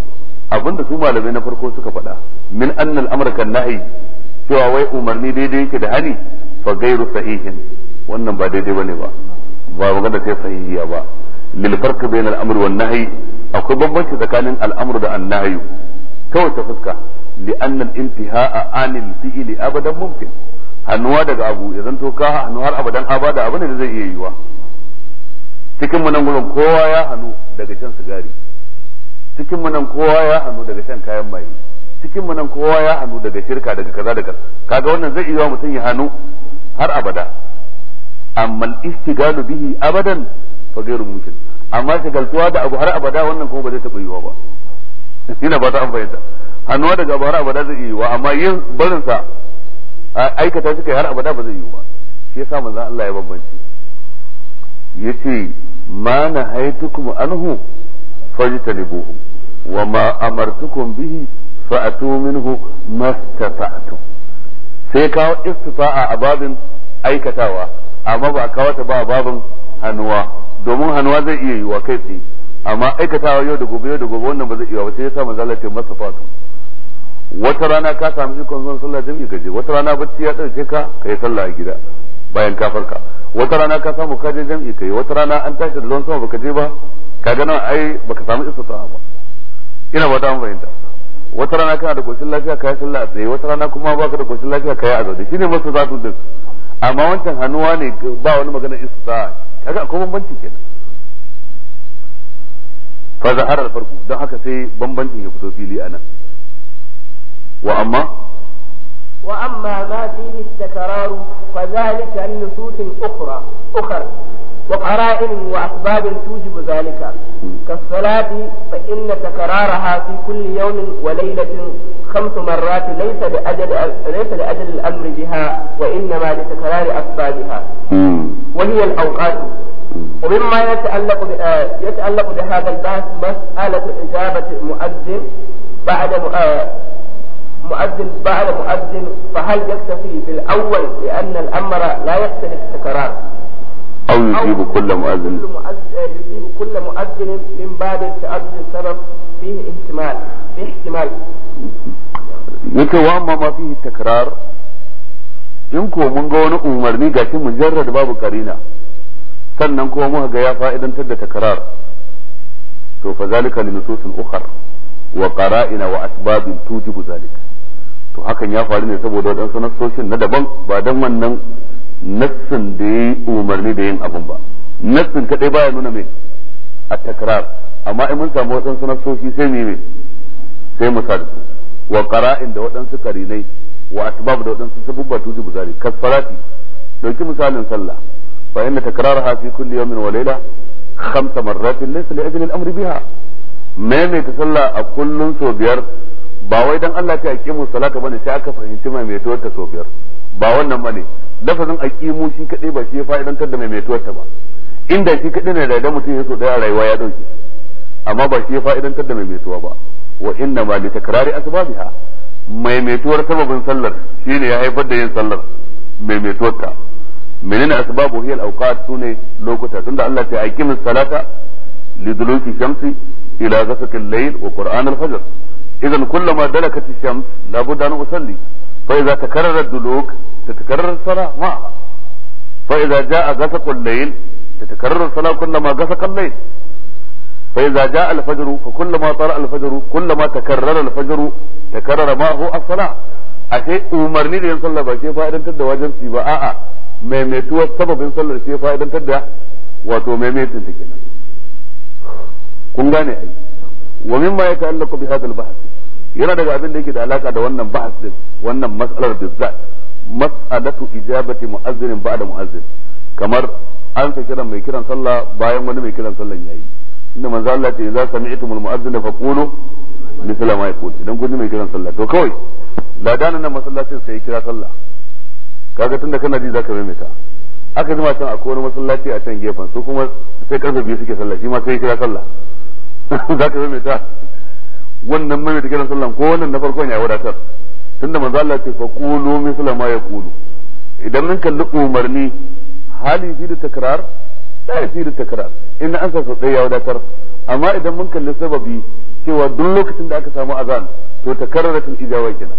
abinda su malamai na farko suka faɗa min annal amra kan nahyi cewa wai umarni daidai yake da hani fa gairu sahihin wannan ba daidai bane ba ba magana sai sahihiya ba lil farq bain al amr wan nahy akwai bambanci tsakanin al amr da an nahy kawai ta fuska li anna al intihaa anil fi'li abadan mumkin hannuwa daga abu ya zanto ka hannu har abadan abada abu ne da zai iya yiwa cikin mu nan gurin kowa ya hannu daga shan sigari cikin mu nan kowa ya hannu daga shan kayan maye cikin mu nan kowa ya hannu daga shirka daga kaza daga kaga wannan zai iya mutum ya hannu har abada amma al-istigalu bihi abadan fa ghairu mumkin amma shagaltuwa da abu har abada wannan kuma ba zai taɓa yiwa ba ina ba ta an fahimta hannuwa daga abu har abada zai yiwa amma yin barin sa aikata shi kai har abada ba zai yiwu shi yasa manzon Allah ya bambance yace ma nahaitukum anhu fajtanibuhu wa ma amartukum bihi fa'atu minhu mastata'tum sai kawo istifa'a a babin aikatawa amma ba a kawo ta ba a babin hannuwa domin hannuwa zai iya yiwa kai tsaye amma aikatawa yau da gobe yau da gobe wannan ba zai iya ba sai ya sa manzo Allah ce mastata'tum wata rana ka samu ikon zuwa sallah jami'i ka je wata rana bacci ya dauke ka yi sallah a gida bayan ka farka wata rana ka samu ka je jami'i kai wata rana an tashi da ruwan sama baka je ba ka ga nan ai baka samu istita'a ba ina ba ta fahimta wata rana kana da koshin lafiya kai sallah a tsaye wata rana kuma baka da koshin lafiya kai a zaune shine masu zatu din amma wancan hannuwa ne ba wani magana ta kaga akwai bambanci kenan fa zahara farko don haka sai bambancin ya fito fili anan wa amma Wa amma وأما ما fa التكرار فذلك لنصوص ukhra ukhra وقرائن وأسباب توجب ذلك كالصلاة فإن تكرارها في كل يوم وليلة خمس مرات ليس لأجل ليس لأجل الأمر بها وإنما لتكرار أسبابها وهي الأوقات ومما يتعلق آه، يتعلق بهذا البحث مسألة إجابة المؤذن بعد آه، مؤذن بعد مؤذن فهل يكتفي بالأول لأن الأمر لا يختلف التكرار أو يجيب كل مؤذن يجيب كل مؤذن من باب التعدد السبب فيه احتمال فيه احتمال yake wa amma ma fihi takrar in ko mun ga wani umarni gashi mujarrad babu karina sannan kuma muka ga ya fa'idantar da takrar to fa zalika li nususin ukhar wa qara'ina wa asbabin tujibu zalika to hakan ya faru ne saboda wadansu nassoshin na daban ba dan wannan nassin da ya yi umarni da yin abin ba nassin kadai baya nuna mai a takrar amma in mun samu waɗansu nassoshi sai mu mai sai mu sadu wa qara'in da waɗansu karinai wa asbab da waɗansu sabubba tuji buzari kasfarati dauki misalin sallah fa inna takraraha fi kulli yawmin wa layla khamsa marratin laysa li ajli al-amri biha maimaita sallah a kullun so biyar ba wai dan Allah ta yake mu salata bane sai aka fahimci mai ta so biyar ba wannan bane lafazin aqimu shi kadai ba shi ya fa'idantar da mai metuwar ta ba inda shi kadai ne da idan mutum ya so da rayuwa ya dauke amma ba shi ya fa'idantar da mai metuwa ba wa inna ma li takrari asbabiha mai metuwar sababin sallar shine ya haifar da yin sallar mai metuwar ta menene asbabu hiya al-awqat sune lokuta tunda Allah ya aqimi salata liduluki shamsi ila ghasaqi al-layl wa qur'an al-fajr idan kullama dalakat ash-shams labudda an usalli فإذا تكرر الدلوك تتكرر الصلاة معها فإذا جاء غسق الليل تتكرر الصلاة كلما غسق الليل فإذا جاء الفجر فكلما طلع الفجر كلما تكرر الفجر تكرر معه الصلاة ashe umarni da yin sallah ke fa'idantar da wajibi ba a'a maimaituwar sababin sallar ce fa'idantar da wato maimaitin ta kenan kun gane ai wa mimma yata'allaqu bi hadha al yana daga abin da yake da alaka da wannan bahas din wannan mas'alar bizzat mas'alatu ijabati mu'azzirin ba'da mu'azzir kamar an ta kiran mai kiran sallah bayan wani mai kiran sallah yayi inda manzo Allah ce idza sami'tumul mu'azzin fa qulu misla ma yaqul idan kun mai kiran sallah to kawai ladanan nan masallacin sai kira sallah kaga tunda kana ji zaka maimaita aka ji can akwai wani masallaci a can gefen su kuma sai karfe biyu suke sallah shi ma sai kira sallah zaka maimaita wannan mai da kiran sallan ko wannan na farkon ya wadatar tunda manzo Allah ce fa qulu misla ma yaqulu idan mun kalli umarni hali fi da takrar da fi da takrar in an sa sai ya wadatar amma idan mun kalli sababi cewa duk lokacin da aka samu azan to takarraratul ijawa kenan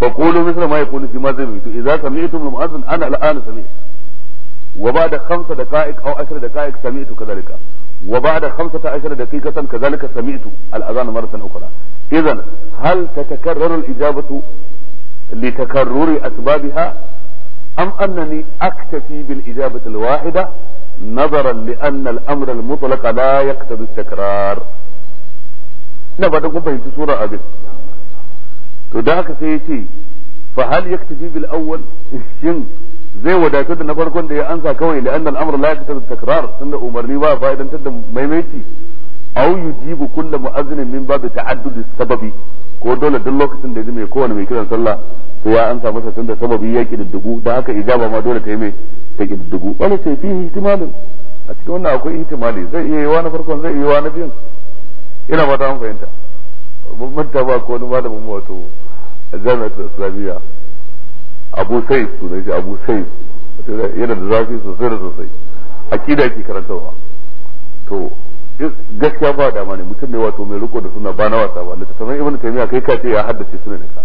fa qulu misla ma yaqulu fi mazhab to idza sami'tum al-mu'adhdhin ana al-ana sami'tu wa ba'da khamsa daqa'iq aw 10 daqa'iq sami'tu kadhalika وبعد خمسة عشر دقيقة كذلك سمعت الأذان مرة أخرى إذا هل تتكرر الإجابة لتكرر أسبابها أم أنني أكتفي بالإجابة الواحدة نظرا لأن الأمر المطلق لا يقتضي التكرار نبدأ في سورة أبي تدعك سيتي فهل يكتفي بالأول الشنق zai wadatar da na farkon da ya ansa kawai da annal amru la yaktaru takrar tunda umarni ba fa'idan da maimaiti aw yujibu kullu mu'azzinin min babu ta'addudi sababi ko dole duk lokacin da yaji mai kowane mai kiran sallah sai ya ansa masa tunda sababi ya kididdugu da haka ijaba ma dole ta yi mai ta kididdugu wala sai fi ihtimalin a cikin wannan akwai ihtimali zai iya yiwa na farkon zai iya yiwa na biyun ina fata an fahimta mun manta ba ko wani malamin wato jami'atul islamiyya abu sai ne shi abu sai yana da zafi sosai da sosai a kida ke karantarwa to gaskiya ba dama ne mutum ne wato mai riko da suna ba na wasa ba littattafan ibnu taymiya kai ka ce ya haddace suna ne ka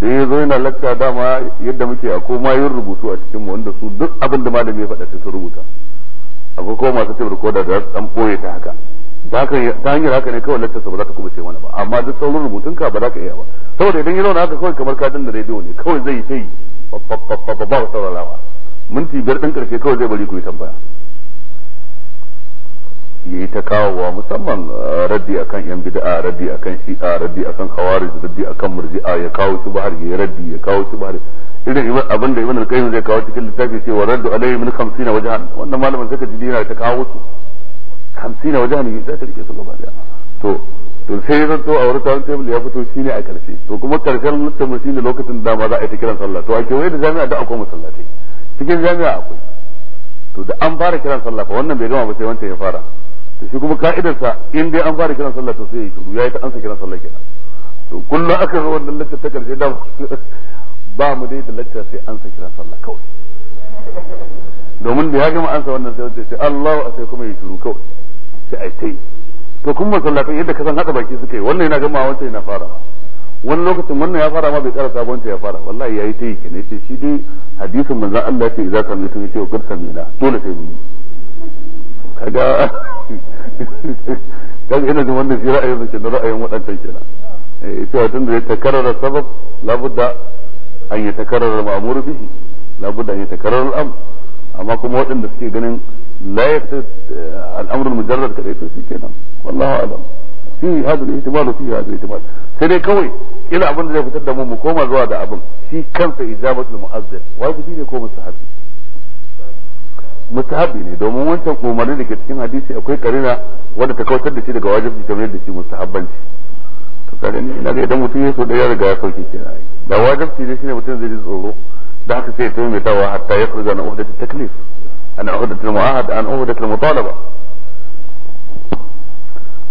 da ya zo yana lakka dama yadda muke a koma yin rubutu a cikin wanda su duk abin da malami ya faɗa sai su rubuta akwai kuma masu tabar koda da za su ɗan boye ta haka da haka ta hanyar haka ne kawai lantarsa ba za ta ce wani ba amma duk sauran rubutun ka ba za ka iya ba saboda idan yi zauna haka kawai kamar kadin da rediyo ne kawai zai yi sai ba ba saurarawa minti biyar ɗin karshe kawai zai bari ku yi tambaya ya yi ta kawowa musamman ah, raddi akan yan bid'a raddi akan shi'a raddi akan khawarij raddi akan murji'a ya kawo su bahar ya raddi ya kawo su bahar irin abinda ibn al-qayyim zai kawo cikin littafi cewa raddu alaihi min 50 wajhan wannan malamin saka ji yana ta kawo su hamsin wajen hannun sai ta rike su gaba daya to to sai ya zanto a wurin taron tebul ya fito ne a karshe to kuma karshen littafin shine lokacin da ma za a yi ta kiran sallah to a kewaye da jami'a da akwai masallatai cikin jami'a akwai to da an fara kiran sallah fa wannan bai gama ba sai wancan ya fara to shi kuma ka'idarsa in dai an fara kiran sallah to sai ya yi shiru ya yi ta ansa kiran sallah kenan to kullum aka zo wannan lacca ta karshe da ba mu dai da lacca sai ansa kiran sallah kawai domin da ya gama ansa wannan sai ya sai Allahu sai kuma ya shiru kawai sai ai tai to kun masallatai yadda ka san hada baki suka yi wannan yana gama wancan yana fara wani lokacin wannan ya fara ma bai karasa wancan ya fara wallahi yayi tai kenan ce shi dai hadisin manzo Allah yace idza sami tu yace ukur mina dole sai mu kaga kaga ina jin wannan shi ra'ayin sa kenan ra'ayin wadancan kenan eh cewa da ya takarrara sabab labudda an yatakarrara al-ma'mur bihi labudda an yatakarrara al-amr amma kuma waɗanda suke ganin la yaqtad eh, al-amr al-mujarrad kadai to shikenan wallahu a'lam fi hadha al-ihtimal fi hadu al-ihtimal sai dai kawai kila abin da zai fitar da mu mu koma zuwa ga abin shi kansa ijabatul mu'azzin wajibi ne ko mustahabi mustahabi ne domin wancan umarni da ke cikin hadisi akwai karina wanda ta kautar da shi daga wajibi kamar yadda shi mustahabbanci to kare ni ina ga idan mutum ya so da ya riga ya sauke kenan da wajibi ne shine mutum zai ji tsoro ده haka sai ta mai dawa hatta ya kurga na uhudat taklif an uhudat al-mu'ahad an uhudat al-mutalaba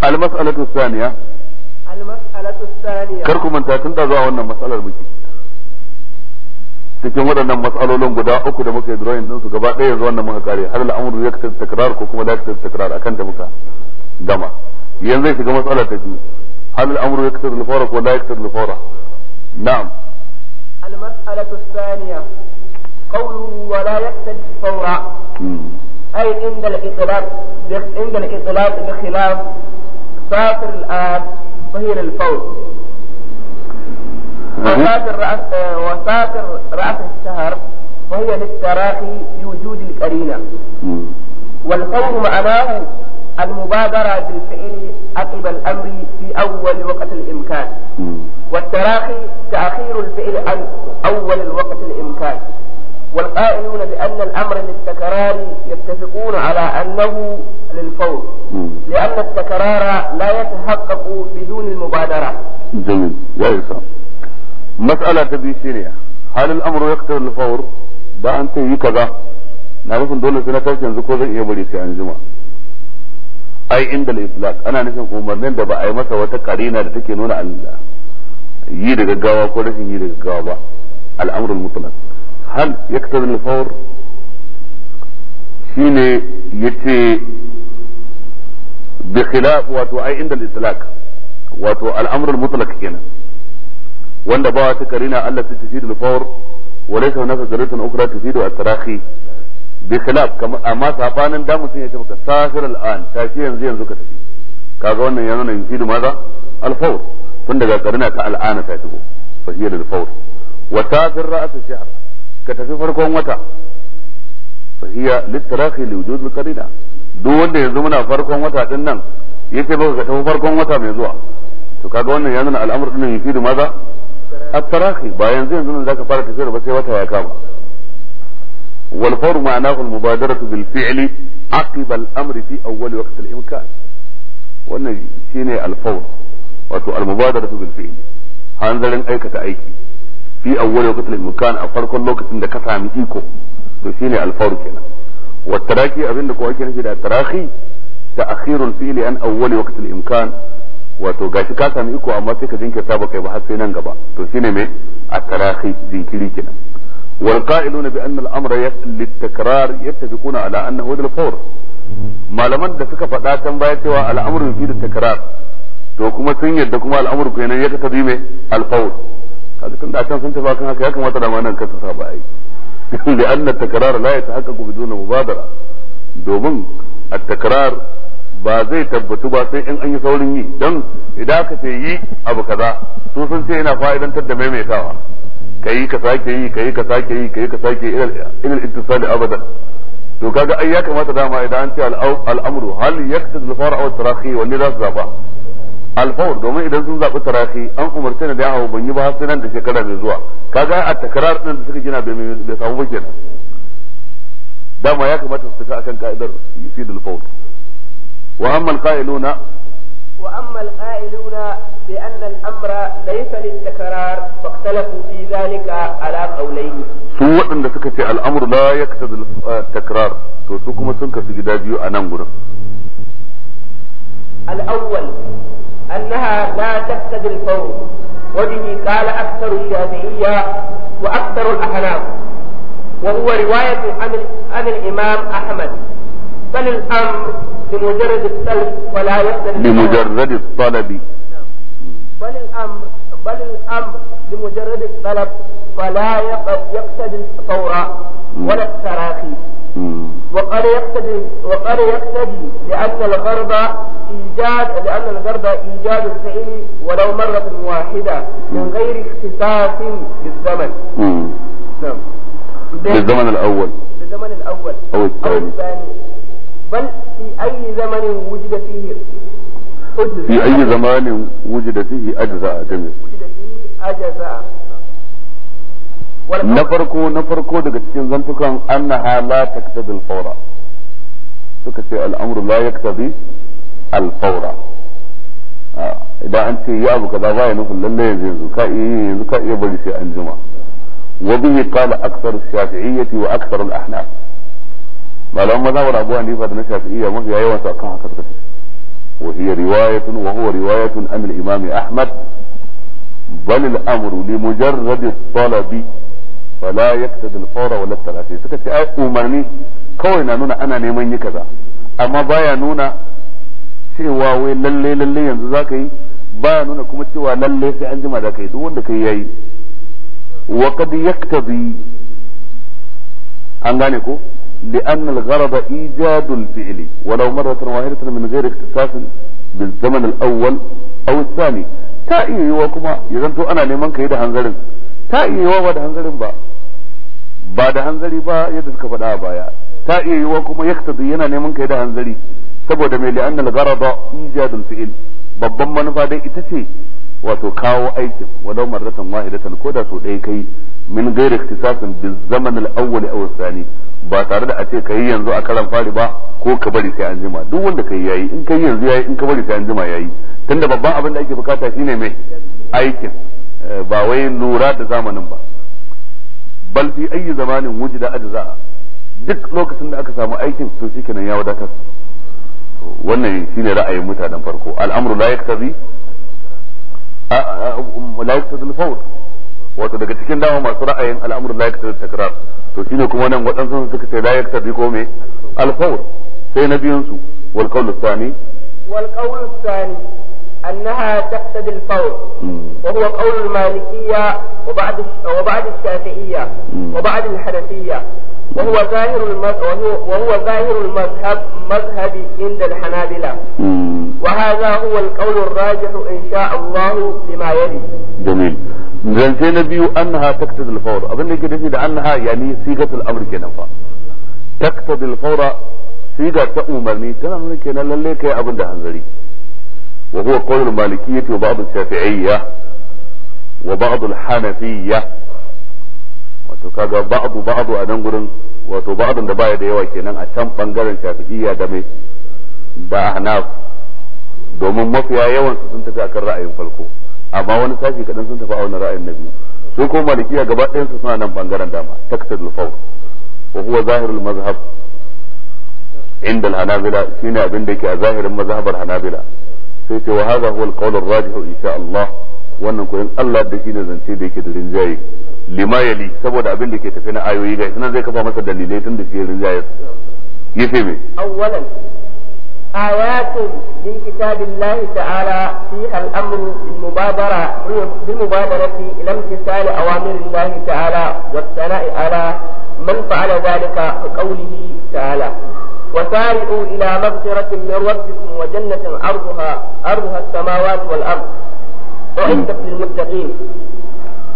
al-mas'alatu thaniya al-mas'alatu thaniya kar ku manta tun da zuwa wannan mas'alar muke cikin waɗannan matsalolin guda uku da muka yi drawing din su gaba ɗaya yanzu wannan muka kare har al'amuru ya kasance takrar ko kuma da kasance takrar akan da muka gama yanzu zai shiga matsalar ta biyu hal al'amuru ya kasance al-fawra ko la yakasance al-fawra na'am المسألة الثانية قوله ولا يقتدي فورا أي عند الإطلاق عند الإطلاق بخلاف سافر الآن ظهير الفوز وسافر رأس وسافر رأس الشهر وهي للتراخي في وجود القرينة والقول معناه المبادرة بالفعل عقب الأمر في أول وقت الإمكان والتراخي تأخير الفعل عن أول الوقت الإمكان والقائلون بأن الأمر للتكرار يتفقون على أنه للفور لأن التكرار لا يتحقق بدون المبادرة جميل يا إسلام مسألة تبيشينية هل الأمر يقتل الفور ده أنت كذا na rufin dole sai na tashi yanzu ko zan ai inda al-itlaq ana nufin umarnin da ba a yi masa wata karina da take nuna Allah yi da gaggawa ko rashin yi da gaggawa ba al-amrul mutlaq hal yaktabi al-fawr shine yace bi khilaf wato ai inda al-itlaq wato al-amrul mutlaq kenan wanda ba wata karina Allah ta tafi da al-fawr وليس هناك tafi da تفيد التراخي bi khilaf amma sabanin da mutum ya ce maka sahir al'an tashi yanzu yanzu ka tafi kaga wannan ya nuna yufidu maza al-fawr tun daga karina ta al'ana ta shigo fa hiya lil fawr wa safir ra'as shahr ka tafi farkon wata fa hiya litarahi li wujud al-qarina duk wanda yanzu muna farkon wata din nan yace baka ka tafi farkon wata mai zuwa to kaga wannan ya nuna al'amur din yufidu maza at-tarahi ba yanzu yanzu nan zaka fara tafiyar ba sai wata ya kama wal fawr ma'anahu al mubadaratu bil fi'li aqiba al amri fi awwal waqt al shine al fawr wato al mubadaratu bil fi'li hanzarin aikata aiki fi awwal waqt al a farkon lokacin da ka iko to shine al kenan wa abinda ko ake تأخير الفيل عن أول وقت الإمكان wato gashi ka sami iko amma sai ka jinkirta ba kai ba har sai nan gaba to shine me a tarahi jinkiri kenan والقائلون بأن الأمر للتكرار يتفقون على أنه للفور malaman da suka faɗa can baya cewa al'amuru fi da takrar to kuma sun yadda kuma al'amuru kenan ya ta zime al-qawl kaga tunda can sun tafi kan haka ya kamata da ma nan kansa sa ba ai li anna takrar la yatahaqqaqu biduna mubadara domin at-takrar ba zai tabbatu ba sai in an yi saurin yi don idan aka ce yi abu kaza su sun ce ina fa'idantar da maimaitawa kai ka sake yi kai ka sake yi kai ka sake yi ilal ittisali abadan to kaga ai ya kamata dama idan an ce al'amru hal yaqtad al-fawr aw tarahi wanne za su zaba al-fawr domin idan sun zabi tarahi an umarce ne da yawo ban yi ba sai nan da shekara mai zuwa kaga a takarar din da suka gina da bai samu ba kenan dama ya kamata su tafi akan ka'idar yusid al-fawr wa amma al-qailuna wa amma al-qailuna لأن الأمر ليس للتكرار فاختلفوا في ذلك على قولين سوء أن سكتي الأمر لا يقتضي التكرار توسوكم سنك في جدابيو أنام الأول أنها لا تقتضي الفور وبه قال أكثر الشافعية وأكثر الأحلام وهو رواية عن الإمام أحمد بل الأمر بمجرد الطلب ولا يقتضي بمجرد الطلب بل الأمر بل الأمر لمجرد الطلب فلا يقتدي الفور ولا التراخي وقد يقتدي وقد يقتدي لأن الغرب إيجاد لأن الغرب إيجاد الفعل ولو مرة واحدة من غير اختصاص نعم. بالزمن بالزمن الأول بالزمن الأول أو الثاني بل في أي زمن وجد فيه في أي زمان وجد فيه أجزاء جميع na farko na farko daga cikin zantukan annaha la taktabi al-fawra suka ce al'amru la yaktabi al idan an ce ya abu kaza ba ya nufin lalle yanzu ka iya yanzu ka iya bari sai an jima wa bihi qala akthar malaman hanifa da na shafi'iyya mafi yawan haka وهي رواية وهو رواية عن الإمام أحمد بل الأمر لمجرد الطلب فلا يقتضي الفور ولا التلاتي سكت أي أمرني كوينا نونا أنا نيمن كذا أما بايا نونا cewa wai lalle lalle yanzu za ka yi ba nuna kuma cewa lalle sai an jima za ka yi duk wanda ka yi yayi wa qad yaktabi an gane ko لأن الغرض إيجاد الفعل ولو مرة واحدة من غير اختصاص بالزمن الأول أو الثاني تا إيوه كما يغنتو أنا لمن كيدا هنغرم تا إيوه بعد هنغرم با بعد هنغري با يدسك فدا بايا تا إيوه كما يقتضي ينا لمن كيدا هنغري سبو دمي لأن الغرض إيجاد الفعل ببما نفادي إتسي wato kawo aikin walau marratan wahidatan ko da so ɗaya kai min gairi ikhtisasin bi zaman al awwal aw thani ba tare da a ce kai yanzu a karan fari ba ko ka bari sai an jima duk wanda kai yayi in kai yanzu yayi in ka bari sai an jima yayi tunda babban abin da ake bukata shine mai aikin eh, ba wai lura da zamanin ba bal fi ayi zamanin wujida ajza duk lokacin da aka samu aikin to shikenan ya wadatar wannan shine ra'ayin mutanen farko al'amru la yaktazi la yaqtadul fawr wato daga cikin dama masu ra'ayin al'amuran la yaqtadul takrar to shine kuma nan waɗansu suka ce la yaqtadi ko me al fawr sai na biyun su wal qawl thani wal qawl thani annaha al-fawr al-malikiyya wa huwa qawl wa ba'd wa ba'd al-shafi'iyya wa ba'd al-hanafiyya وهو ظاهر وهو ظاهر المذهب مذهبي عند الحنابلة وهذا هو القول الراجح إن شاء الله لما يلي جميل من زين بيو أنها تقتضي الفور أظن كده أنها يعني صيغة الأمر كنفا تقتضي الفور صيغة تأمرني ترى من كنا لليك يا أبن دهنزلي وهو قول المالكية وبعض الشافعية وبعض الحنفية wato kaga ba'du ba'du a nan gurin wato ba'dun da baya da yawa kenan a can bangaren shafi'iyya da mai da hanaf domin mafiya yawan su sun tafi akan ra'ayin farko amma wani sashi kadan sun tafi a wani ra'ayin na biyu su ko malikiya gaba ɗayan su suna nan bangaren dama taqtadul fawr wa huwa zahirul mazhab inda al-hanabila shine abin da yake a zahirin mazhabar hanabila sai ce wa hadha huwa al-qawl ar-rajih insha Allah wannan ko in Allah da shine zance da yake da rinjaye lima yali saboda abin da ke tafi na ayoyi ga sanar zai kafa masa dalilai tun da shi ya yi fi awalan ayatu min kitabillahi ta'ala al-amru bil mubadara bil mubadarati ta'ala wa sara'i ala man fa'ala dhalika fa qawlihi ta'ala وسارعوا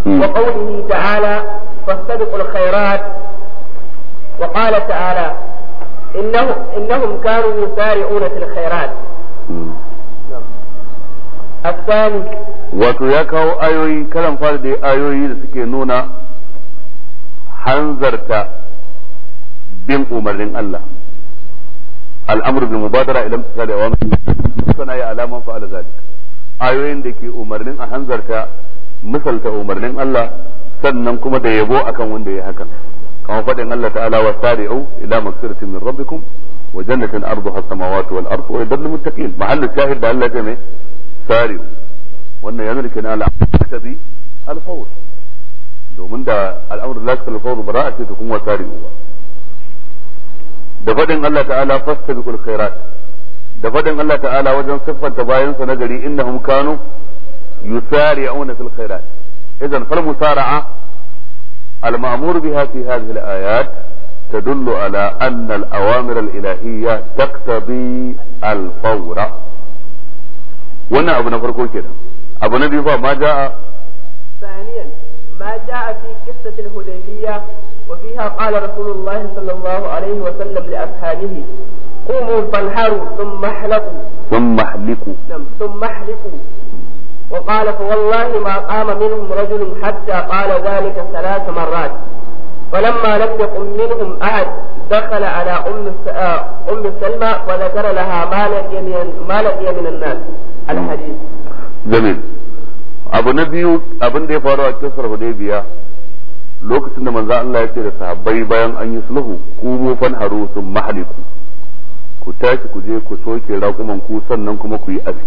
وقوله تعالى فاستبقوا الخيرات وقال تعالى إنه إنهم كانوا يسارعون في الخيرات الثاني wato ya kawo ayoyi kalan fara da ayoyi da suke nuna hanzarta bin umarnin Allah al'amru bil mubadara ila imtisali awamir sana ya alaman fa'ala zalik ayoyin da ke umarnin a hanzarta misalta umarnin Allah sannan kuma da yabo akan wanda ya hakan kamar faɗin Allah ta'ala wa sari'u ila maghfiratin min rabbikum wa jannatin arduha as-samawati wal ardu wa yadullu muttaqin mahallu shahid da Allah ya sari'u wannan yana rikin al-aqdi al-fawr domin da al'amru la yakul fawr a ce tukun wa sari'u da faɗin Allah ta'ala fastabiqul khairat da faɗin Allah ta'ala wajen siffanta bayansa na gari innahum kanu يسارعون في الخيرات إذا فالمسارعة المأمور بها في هذه الآيات تدل على أن الأوامر الإلهية تقتضي الفور وانا أبو نفر كده أبو نبي ما جاء ثانيا ما جاء في قصة الهديبية وفيها قال رسول الله صلى الله عليه وسلم لأصحابه قوموا فانحروا ثم احلقوا ثم احلقوا نعم ثم احلقوا وقال wallahi ما قام منهم رجل حتى قال ذلك ثلاث مرات فلما لم يقم منهم أحد دخل على أم أم سلمى وذكر لها ما لقي من ما لقي من الناس الحديث. جميل. abu na biyu abin da ya faru a kisar biya lokacin da manzo Allah ya ce da sahabbai bayan an yi sulhu ku mufan haru sun mahaliku ku tashi ku je ku soke raƙuman ku sannan kuma ku yi aski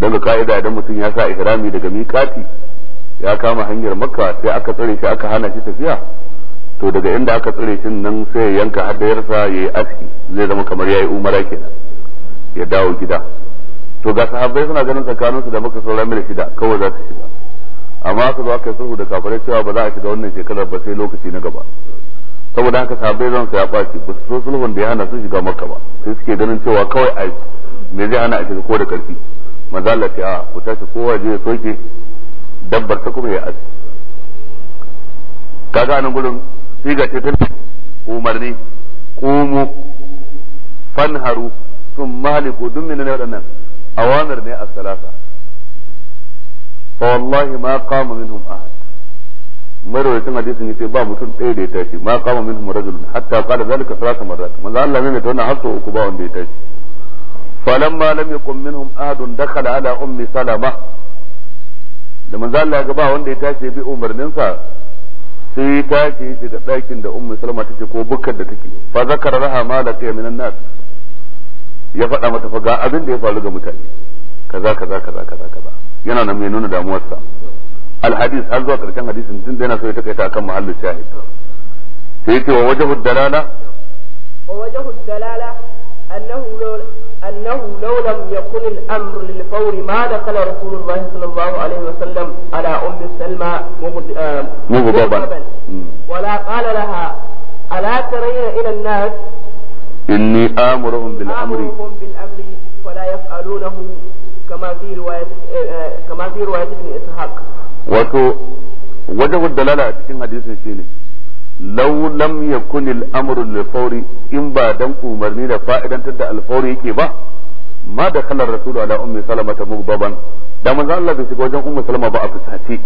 daga ka'ida idan mutum ya sa ihrami daga miƙati ya kama hanyar makka sai aka tsare shi aka hana shi tafiya to daga inda aka tsare shi nan sai ya yanka hadayarsa ya yi aski zai zama kamar ya yi umara kenan ya dawo gida to ga sahabbai suna ganin tsakaninsu da maka sauran mil shida kawai za su shiga amma aka zo aka sulhu da kafirai cewa ba za a shiga wannan shekarar ba sai lokaci na gaba saboda haka sahabbai zan ya ɓaci ba su so sulhun da ya hana su shiga makka ba sai suke ganin cewa kawai a me zai hana a shiga ko da karfi mazalati ce a ku tashi kowa je ya soke dabbar ta kuma ya aski kaga nan gurin siga ce ta umarni kumu fanharu sun maliku dun min ne waɗannan awamir ne a salasa fa wallahi ma qama minhum ahad marwayin hadisin yace ba mutum ɗaya da ya tashi ma qama minhum rajulun hatta qala zalika salasa marrat manzo Allah ne ta wannan hasso uku ba wanda ya tashi falamma lam yakun minhum adun dakhala ala ummi salama da manzo Allah ga wanda ya tashi bi umarninsa sa sai ya tashi ya da ummi salama take ko bukkar da take fa zakara laha ma laqiya ya faɗa mata fa ga ya faru ga mutane kaza kaza kaza kaza kaza yana nan mai damuwarsa alhadis har zuwa karshen hadisin tun da yana so ya takaita akan a ce أنه لو لم يكن الأمر للفور ما دخل رسول الله صلى الله عليه وسلم على أم سلمى مغضبا ولا قال لها ألا ترين إلى الناس إني آمرهم بالأمر آمرهم بالأمر فلا يفعلونه كما في رواية كما في رواية ابن إسحاق وتو وجه الدلالة في حديث شيني lau lam yakun al-amru lil in ba dan umarni da fa'idantar da al yake ba ma da kallar rasulu ala ummi salama ta baban da manzo Allah bai shiga wajen ummi salama ba a fusace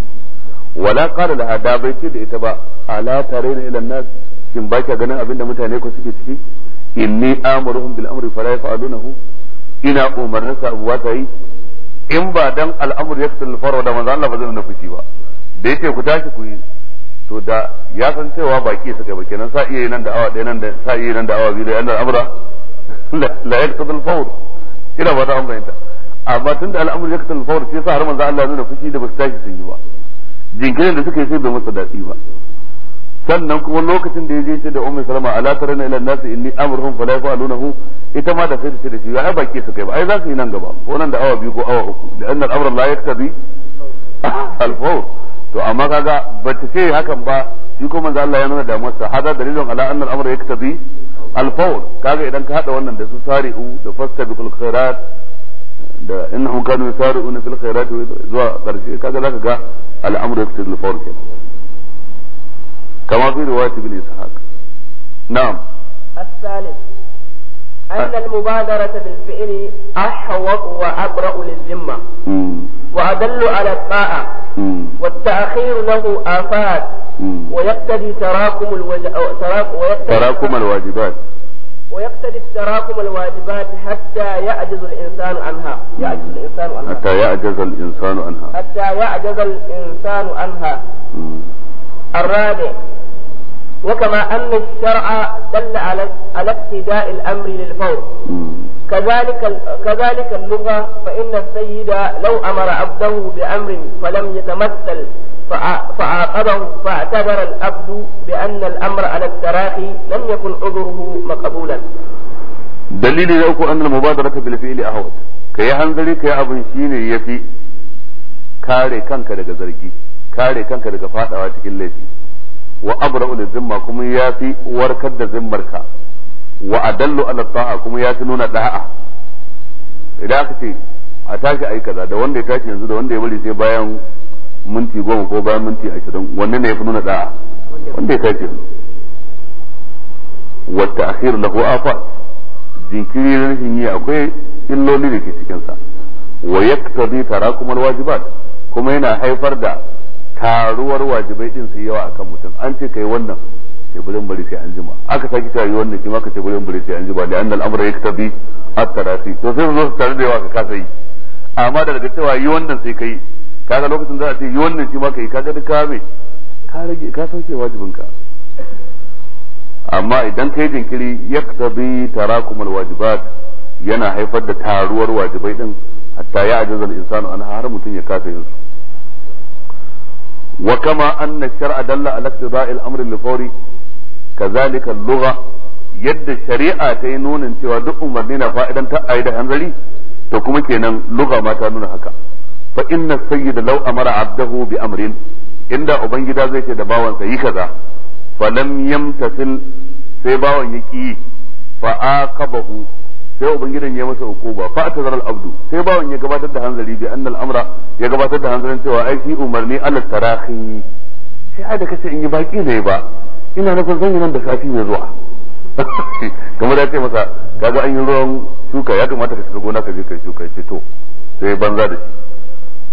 wala qala laha da bai ce da ita ba ala tarayna ila nas shin ba ka ganin abinda mutane ku suke ciki inni amuruhum bil amri fala yaf'alunahu ina umarni sa abuwa ta yi in ba dan al'amur ya fitar farwa da manzo Allah ba zai nufi ba da yake ku tashi ku yi to da ya san cewa baki kai ba kenan sa iya nan da awa ɗaya nan da sa iya nan da awa biyu da yana amra la yaqtadu al-fawr ina ba ta an fahimta amma tunda al'amur yaqtadu al-fawr sai sa har manzo Allah nuna fushi da basu tashi sun yi ba jinkirin da suka yi sai bai masa daɗi ba sannan kuma lokacin da ya je da ummu salama ala tarana ila nasi inni amruhum fala yafalunahu ita ma da sai da shi ya baki su kai ba ai za su yi nan gaba ko nan da awa biyu ko awa uku da annal amru la yaktabi al-fawr to amma kaga ba ta ce hakan ba shi ko manzo Allah ya nuna da masa hada dalilun ala anna al-amr yaktabi al-fawl kaga idan ka hada wannan da su sari'u da fastabiqul khairat da innahum kanu yasari'una fil khairat zuwa karshe kaga zaka ga al-amr yaktabi al-fawl kenan كما في رواية ابن إسحاق نعم الثالث أن المبادرة بالفعل أحوط وأبرأ للذمة وأدل على الطاعة والتأخير له آفات ويقتدي تراكم الواجبات تراكم الواجبات ويقتدي تراكم الواجبات الواجبات حتى يعجز الإنسان عنها يعجز الإنسان عنها حتى يعجز الإنسان عنها حتى يعجز الإنسان عنها الرابع وكما أن الشرع دل على على ابتداء الأمر للفور كذلك كذلك اللغة فإن السيد لو أمر عبده بأمر فلم يتمثل فعاقبه فاعتبر العبد بأن الأمر على التراخي لم يكن عذره مقبولا دليل يقول أن المبادرة بالفعل أهوت كي هنزلي كي أبن شيني يفي كاري كانك لك زرقي كاري كانك لك فاتوا تكين wa abra'u Zimma kuma ya fi warkar da zimmarka wa adallu ala ta'a kuma ya fi nuna da'a idan aka ce a tashi ai kaza da wanda ya tashi yanzu da wanda ya bari sai bayan minti goma ko bayan minti ashirin wanne ne ya fi nuna da'a wanda ya tashi yanzu wa ta'khir lahu afa jinkiri rashin yi akwai illoli da ke cikin sa wa yaqtadi tarakumul wajibat kuma yana haifar da taruwar wajibai din su yawa akan mutum an ce kai wannan sai burin bari sai an jima aka saki tayi wannan kuma aka ce burin bari sai an jima da annal amra yaktabi at-tarafi to sai zo su tare da yawa ka kasa yi amma da daga cewa yi wannan sai kai kaga lokacin za a ce yi wannan shi ma kai kaga duka ka me ka rage ka sauke wajibin ka amma idan kai jinkiri yaktabi tarakumul wajibat yana haifar da taruwar wajibai din hatta ya ajazal insanu an har mutum ya kasa yin su وكما أن الشرع دل على اقتضاء الأمر الفوري كذلك اللغة يد الشريعة تينون انت ودق مدينة فائدا تأيد هنزلي تكما كينا لغة ما تانون هكا فإن السيد لو أمر عبده بأمر إن دا أبنجدا زيت دباوا سيكذا فلم يمتثل سيباوا يكي فآقبه sai ubangidan ya masa ukuba fa ta al-abdu sai bawan ya gabatar da hanzari bi annal amra ya gabatar da hanzarin cewa ai fi umarni ala tarahi sai ai da kace in yi baki ne ba ina na zan yi nan da safi mai zuwa kamar da ce masa kaga an yi ruwan shuka ya kamata ka shiga gona ka je kai shuka ce to sai banza da shi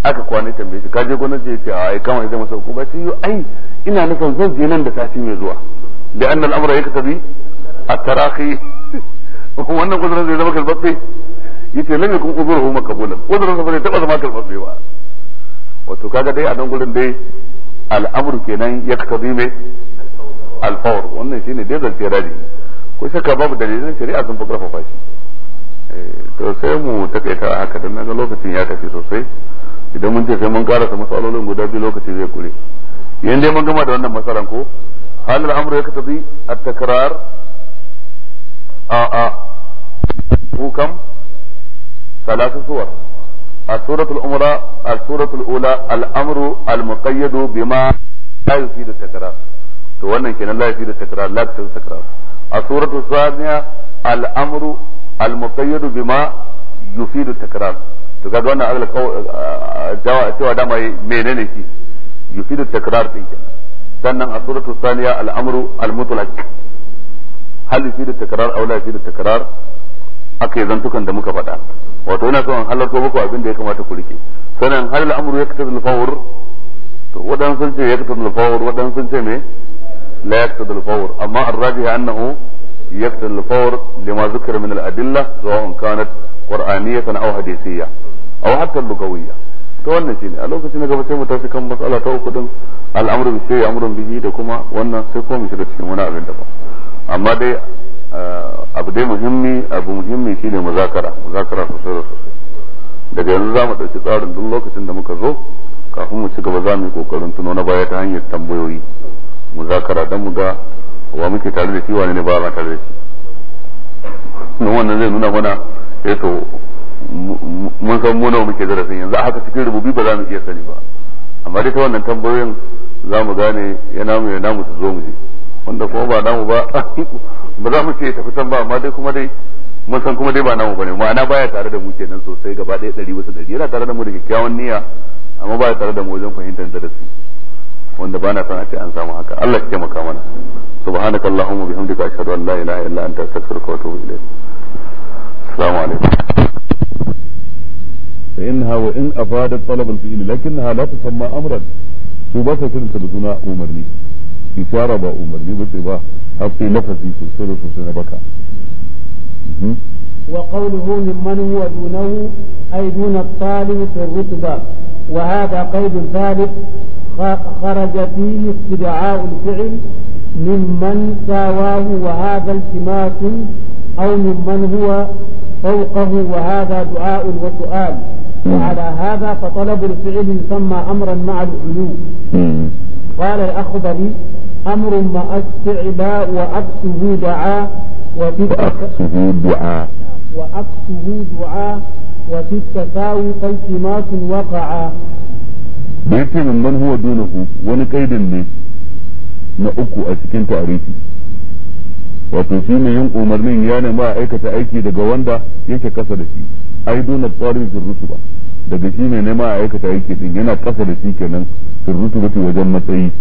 aka kwana tambaye shi kaje gonar ce ce ai kama sai masa ukuba sai yo ai ina na zan je nan da safi mai zuwa bi annal amra yaktabi at-tarahi ko kuma wannan uzurin zai zama karɓaɓɓe yace lam yakun uzuruhu maqbulan uzurin sa bai taba zama karɓaɓɓe ba wato kaga dai a nan gurin dai al'amru kenan ya yaktabi mai al-fawr wannan shine dai zance radi ko shakka babu dalilin shari'a sun fi karfafa shi eh, to sai mu takaita haka dan naga lokacin ya tafi sosai idan mun ce sai mun karasa masalolin guda biyu lokaci zai kure yayin dai mun gama da wannan masaran ko halal al-amru yaktabi at-takrar a'a ku kam salatu suwar a suratul umra suratul ula السورة الأولى الأمر bima بما لا يفيد takrar to wannan kenan la yafi da takrar la ta takrar a suratu thaniya al-amru al-muqayyad bima yufidu takrar to kaga wannan jawa cewa dama menene shi yufidu takrar din kenan sannan a suratu saniya al-amru al-mutlaq hal fi da takrar aula fi da takrar aka zantukan da muka faɗa wato yana son halarta muku abin da ya kamata ku rike sanan hal al'amru yaktabu al-fawr to wadan sun ce yaktabu al-fawr wadan sun ce me la yaktabu al-fawr amma ar annahu yaktabu al-fawr lima zukira min al-adilla sawa'un kanat qur'aniyatan aw hadisiyya aw hatta lugawiyya to wannan shine a lokacin da gaba sai mu kan mas'ala ta uku din al'amru bi shay'in amrun bihi da kuma wannan sai kuma mu shiga cikin wani abin amma dai eh, abu dai muhimmi abu muhimmi shine muzakara muzakara sosai da sosai daga yanzu za mu ɗauki tsarin duk lokacin da muka zo kafin mu ci gaba za mu yi kokarin tuno na baya ta hanyar tambayoyi muzakara don mu ga wa muke tare da shi wani ne ba ma tare da shi don wannan zai nuna mana ya eh to mun san muna nawa muke darasin yanzu haka cikin rububi ba za mu iya sani ba amma dai ta wannan tambayoyin za mu gane ya mu ya mu su zo mu je wanda kuma ba namu ba ba za mu ce tafi san ba amma dai kuma dai mun san kuma dai ba namu bane ma'ana baya tare da mu kenan sosai gaba ɗaya ɗari wasu ɗari yana tare da mu da kyakkyawan niyya amma baya tare da mu wajen fahimtar darasi wanda bana na san a ce an samu haka Allah ya taimaka mana subhanakallahumma bihamdika ashhadu an la ilaha illa anta astaghfiruka wa atubu ilayk السلام عليكم فإنها وإن أفادت طلب الفئل لكنها لا تسمى أمرا سباسة سنة لزنا أمرني fara ba umarni ba ce ba har sai nafasi sosai da sosai na baka وقوله ممن هو دونه أي دون الطالب في الرتبة وهذا قيد ثالث خرج فيه استدعاء الفعل ممن ساواه وهذا التماس أو ممن هو فوقه وهذا دعاء وسؤال وعلى هذا فطلب الفعل يسمى أمرا مع العلو قال الاخضر أمر مع استعباء وأقصه دعاء وفي وأقصه دعاء وأقصه دعاء وفي التساوي التماس وقعا بيتي من من هو دونه ونقيد ne na uku a cikin tarihi wato shi ne yin umarnin ya nema a aikata aiki daga wanda yake kasa da shi ai dona tsarin ba daga shi ne nema a aikata aiki din yana kasa da shi kenan rutuba wajen matsayi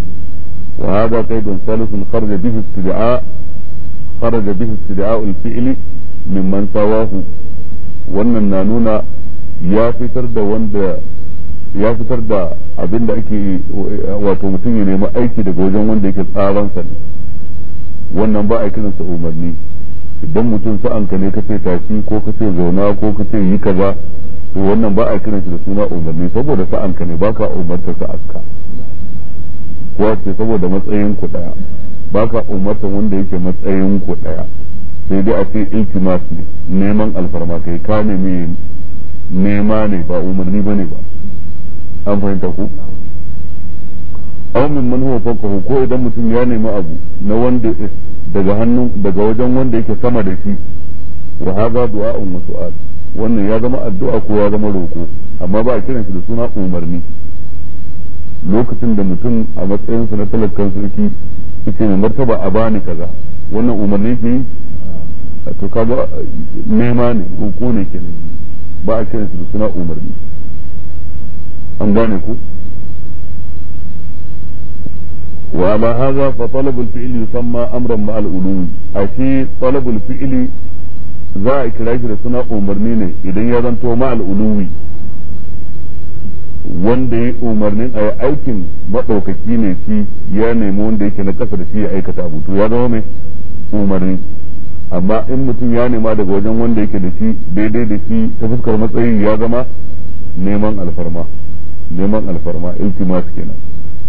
وهذا قيد ثالث خرج به استدعاء خرج به استدعاء الفعل ممن سواه wannan na nuna ya fitar da wanda ya fitar da abin da ake wato mutum ya nemi aiki daga wajen wanda yake tsaransa ne wannan ba a kiransa umarni idan mutum sa'anka ne kace tashi ko kace zauna ko kace yi kaza to wannan ba a kiransa da suna umarni saboda sa'anka ne baka umarta sa'anka kuwa ce saboda matsayin ku daya ba ka umarta wanda yake matsayin ku daya sai dai a ce iltimas ne neman alfarma kai ka nemi nema ne ba umarni bane ba an fahimta ku aw man huwa fawqahu ko idan mutum ya nemi abu na wanda daga hannun daga wajen wanda yake sama da shi wa hadha du'a'un wa su'al wannan ya zama addu'a ko ya zama roko amma ba a kiran shi da suna umarni lokacin da mutum a matsayinsa na talakkan sarki yace mai martaba a bani kaza wannan umarni ke to ba nema ne ko ne kenan ba a kira su suna umarni an gane ku wa ma hadha fa talab al fi'l yusamma amran ma al ulum a shi talab al fi'l za a kira shi da suna umarni ne idan ya zanto ma al ulumi wanda ya umarnin a yi aikin maɗaukaki ne shi ya nemi wanda yake na ƙasa da shi ya aikata abu to ya zama mai umarni amma in mutum ya nema daga wajen wanda yake da shi daidai da shi ta fuskar matsayi ya zama neman alfarma neman alfarma iltimas kenan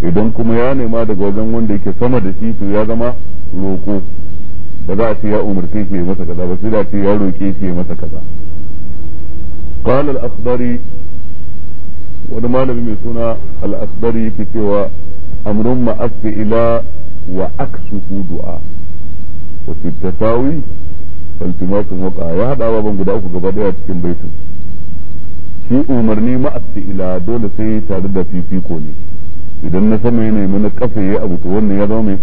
idan kuma ya nema daga wajen wanda yake sama da shi to ya zama roƙo ba za a ce ya umarce shi ya masa kaza ba sai da ce ya roƙe shi ya masa kaza قال الأخضري wani malami mai suna al-asbari yake cewa amrun ma'afi ila wa aksuhu du'a wa fi tasawi faltimasun ya hada baban guda uku gaba daya cikin baitin shi umarni ma'afi ila dole sai tare da fifiko ne idan na sama yana yi na kafa yayi abu to wannan ya zama mai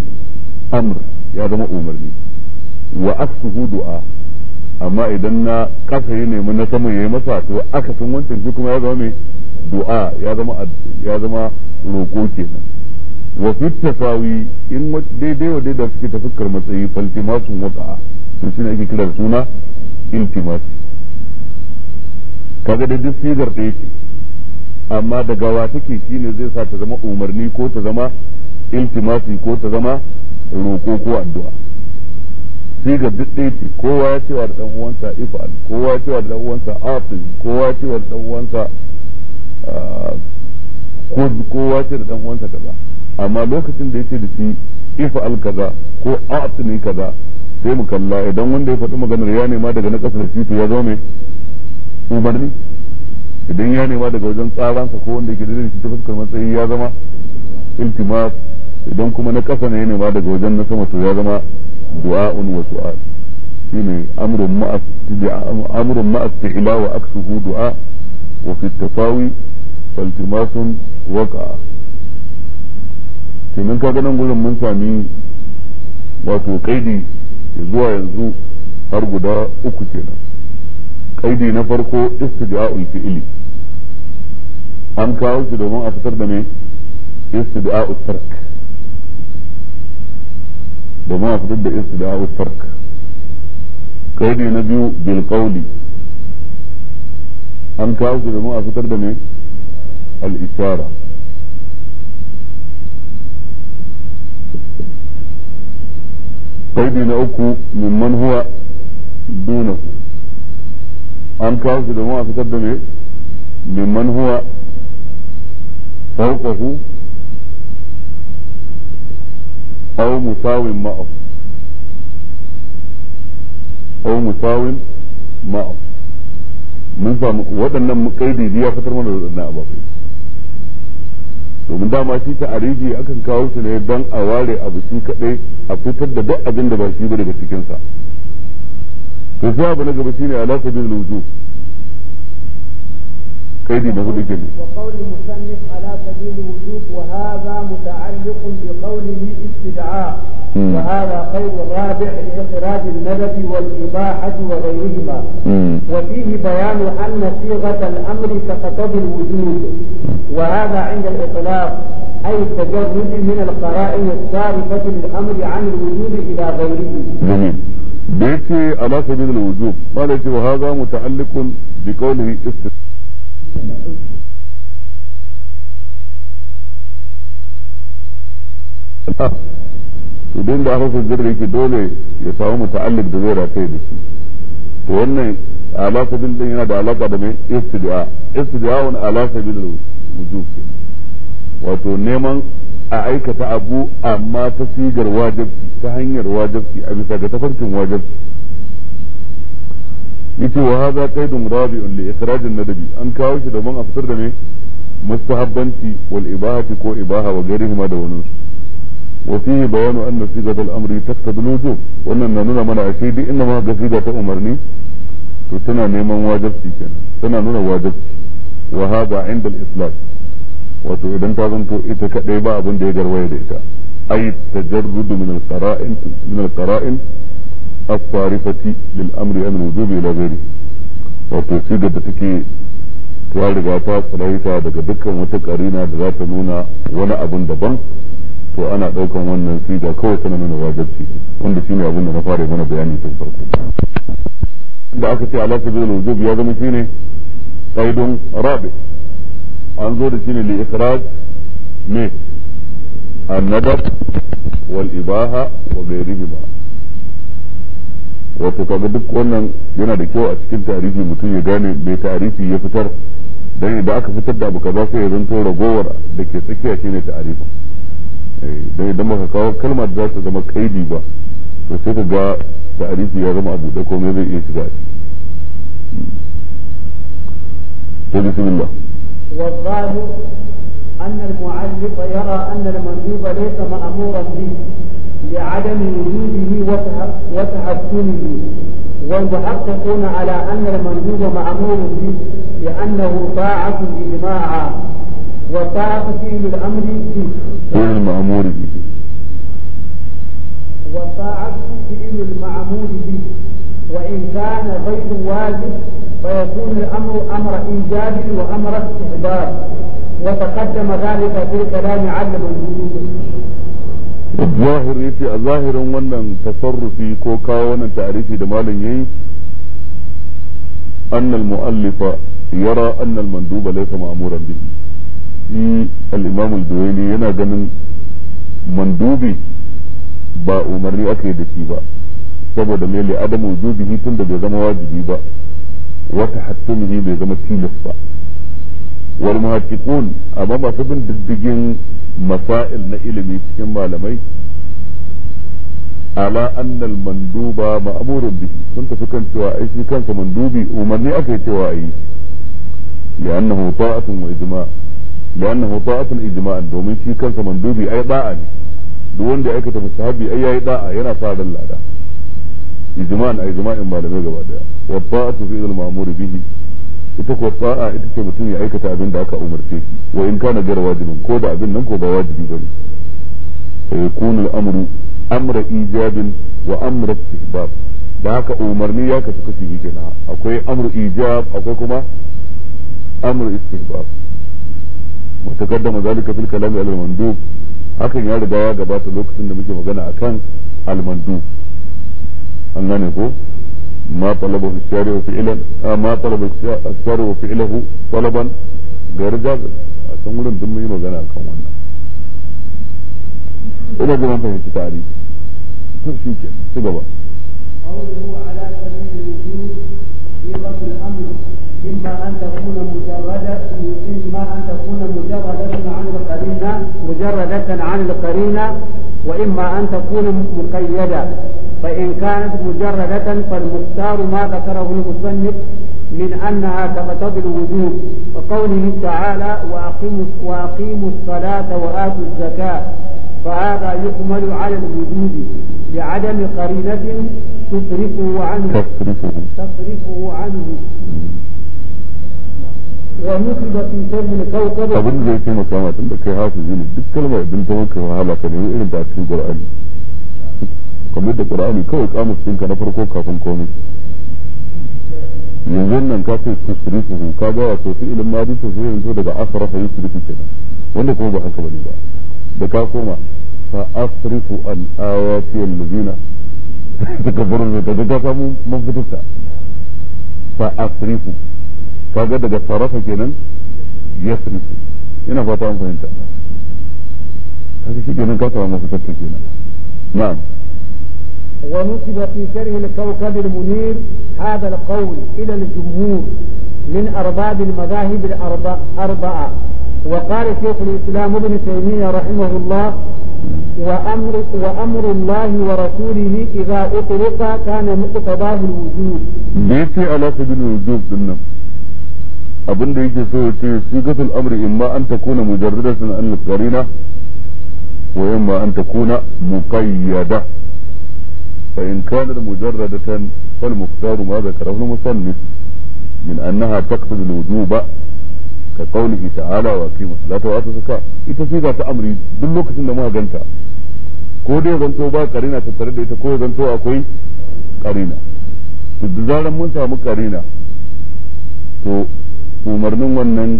amr ya zama umarni wa aksuhu du'a amma idan na kasa ya nemi na saman ya yi masa to aka sun wancan shi kuma ya zama mai du'a ya zama ya zama roƙo kenan wa fi tasawi in daidai wa daidai suke ta fuskar matsayi masu wada'a to shine ake kira da suna iltimasi kaga da duk sigar ɗaya ce amma da gawa take shine zai sa ta zama umarni ko ta zama iltimasi ko ta zama roƙo ko addu'a sigar duk ɗaya ce kowa ya cewa da dan uwansa ifal kowa ya cewa da dan uwansa afin kowa ya cewa da dan uwansa ah, kud kowa ce da dan uwansa kaza amma lokacin da ya ce da shi ifal kaza ko afin kaza sai mu kalla idan wanda ya faɗi maganar ya nema daga na ƙasar shi to ya zo ne umarni idan ya nema daga wajen tsaransa ko wanda yake da shi ta fuskar matsayi ya zama iltimas idan kuma na ƙasa ne ya nema daga wajen na sama to ya zama du'a'un wa su'al shine amrun ma'a amrun ma'a fi'la wa aksuhu du'a wa fi tafawi faltimasun waqa'a kenan kaga nan gurin mun sami wato kaidi zuwa yanzu har guda uku kenan kaidi na farko istida'ul fi'li an kawo shi domin a fitar da me istida'ut tark domin a fitar da istida'u fark kaidi na biyu bil qawli an kawo su domin a fitar da ne al ishara kaidi na uku mimman huwa duna an kawo su domin a fitar da ne mimman huwa fawqahu أو مساو معه أو mun samu waɗannan kaidi ya fitar mana da waɗannan ababai domin dama shi ta arifi akan kawo shi ne dan a ware abu shi kaɗai a fitar da duk abin da ba shi ba daga cikinsa to sai abu na gaba shine alaƙa bil wujud كيدي نقول جلي وقول المصنف على سبيل الوجوب وهذا متعلق بقوله استدعاء وهذا قول رابع لإخراج الندب والإباحة وغيرهما وفيه بيان أن صيغة الأمر تقتضي الوجود وهذا عند الإطلاق أي التجرد من القرائن الصارفة للأمر عن الوجود إلى غيره بيتي على سبيل الوجوب قال إيه، وهذا متعلق بقوله استدعاء to din da aka da yake dole ya samu muta'alliq da zai rataye da shi to wannan alaka din din yana da alaka da mai istidu'a istidu'a wani alaka bil wujub wato neman a aikata abu amma ta sigar wajabci ta hanyar wajabci a bisa ga tafarkin wajabci yace wa hadha qaidun rabi'un li ikhraj an-nadabi an kawo shi domin a fitar da me mustahabbanci wal ibahati ko ibaha wa ghairihima da wani wa fihi bayanu anna sigat al-amri taqtadi al-wujub wannan na nuna mana ashe duk inda ma ga ta umarni to tana neman wajibci kenan tana nuna wajibci wa hadha 'inda al-islam wato idan ta zanto ita kadai ba abin da ya garwaye da ita ay tajarrud min al-qara'in min al-qara'in الصارفة للأمر عن الوجوب إلى غيره وتوسيق تكي ta riga ta tsiraita daga dukkan wata karina da za ta nuna wani abun daban to ana daukan wannan siga kawai tana nuna wajibci wanda shine abin da na fara mana bayani tun farko da aka ce ala sabil wujub ya zama shine qaidun rabi an zo da shine li ikhraj ne annadab wal ibaha wa ghayrihima wato kaga duk wannan yana da kyau a cikin tarihi mutum ya gane mai tarihi ya fitar dan idan aka fitar da abu kaza sai ya zanto ragowar da ke tsakiya shine ta'arifin eh, dan idan maka kawo kalmar da za ta zama kaidi ba to sai ka ga ta'arifi ya zama abu da komai zai iya shiga to bismillah والظاهر أن المعلق يرى أن المندوب ليس مأمورا به لعدم وجوده وتحكمه والمحققون على أن المندوب مأمور به لأنه طاعة إجماعا وطاعة فعل الأمر به فعل المأمور به وطاعة فعل المعمول به وإن كان غير واجب فيكون الأمر أمر إيجاب وأمر استحباب وتقدم ذلك في الكلام على المندوب zahir yace a zahirin wannan tasarrufi ko kawo wannan tarihi da malin yayi annal muallifa yara annal manduba laysa ma'muran bihi shi al-imam al yana ganin mandubi ba umarni ake da si ba saboda mai adam wujubihi tunda bai zama wajibi ba wata hattumihi bai zama tilas ba wal a amma masu bin diddigin masail na ilimi cikin malamai ala anna al manduba ma'murun bihi sun tafi kan cewa ai shi kansa mandubi umarni aka yi cewa ai لأنه طاعة وإجماع لأنه طاعة إجماعا domin shi kansa mandubi ai da'a ne duk wanda ya aikata mustahabi ai yayi da'a yana sa ran lada ijma'an ai ijma'in malamai gaba daya ita ko tsa'a ita ce mutum ya aikata abin da aka umarce shi wa in kana gara wajibin ko da abin nan ko ba wajibi bane fa yakunu al-amru amra ijabin wa amra istihbab da haka umarni ya kasu kashi biyu kenan akwai amru ijab akwai kuma amru istihbab wa taqaddama zalika fil kalam al hakan ya riga ya gabata lokacin da muke magana akan al-mandub an gane ko ما طلبه الشارع فعلا آه، ما طلب الشارع فعله طلبا غير جازم عشان wurin duk mun yi magana kan wannan ina ga mun fahimci tare to قوله على سبيل الوجود صيغة الأمر إما أن تكون مجردة إما أن تكون مجردة عن القرينة مجردة عن القرينة وإما أن تكون مقيدة فإن كانت مجردة فالمختار ما ذكره المصنف من أنها تقتضي الوجوب وقوله تعالى وأقيموا, وأقيم الصلاة وآتوا الزكاة فهذا يحمل على الوجود لعدم قرينة تصرفه عنه تصرفه عنه ونصب في سجن الكوكب أظن زي كما كما تندك حافظين الدكة لما بنتوكل على كلمة إلى بعد في القرآن kamar da qur'ani kawai kamus ɗinka na farko kafin komai yanzu nan ka ce tusrifuhu ka ga wato fi'ilin madi to sai yanzu daga asrafa yusrifu kenan wanda kuma ba haka bane ba da ka koma fa asrifu an awati allazina takabbaru da daga samu mafitarsa fa asrifu kaga daga sarafa kenan yasrifu ina fata an fahimta kaga shi kenan ka samu mafitarsa kenan na'am ونسب في شره الكوكب المنير هذا القول إلى الجمهور من أرباب المذاهب الأربعة وقال شيخ الإسلام ابن تيمية رحمه الله وأمر, وأمر الله ورسوله إذا أطلق كان مقتضاه الوجود ليس على سبيل الوجوب بالنفس abin da yake so ce sigatul amri in ma an takuna mujarradatan an qarina wa in muqayyada فإن كانت مجردة فالمختار ما ذكره المصنف من أنها تقصد الوجوب كقوله تعالى ita الصلاة وآتوا الزكاة إتسيغا تأمري دلوك سنما غنتا ko dai zanto ba karina tattare da ita ko zanto akwai karina to da zaran mun samu karina to umarnin wannan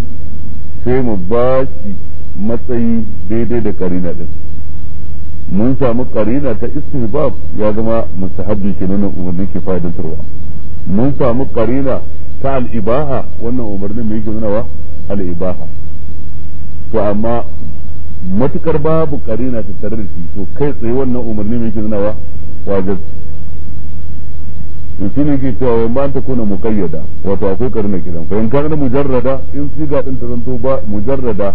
sai mu bashi matsayi daidai da karina ɗin. mun samu karina ta istihbab ya zama mustahabbi kenan umarnin ke fa'idantarwa mun samu karina ta al'ibaha wannan umarnin mai gina al al'ibaha to amma matukar babu karina ta tare da shi to kai tsaye wannan umarni mai gina wa to shine ke cewa wa ba ta kuna muqayyada wato akwai karna kidan fa in kana mujarrada in ga din tazanto ba mujarrada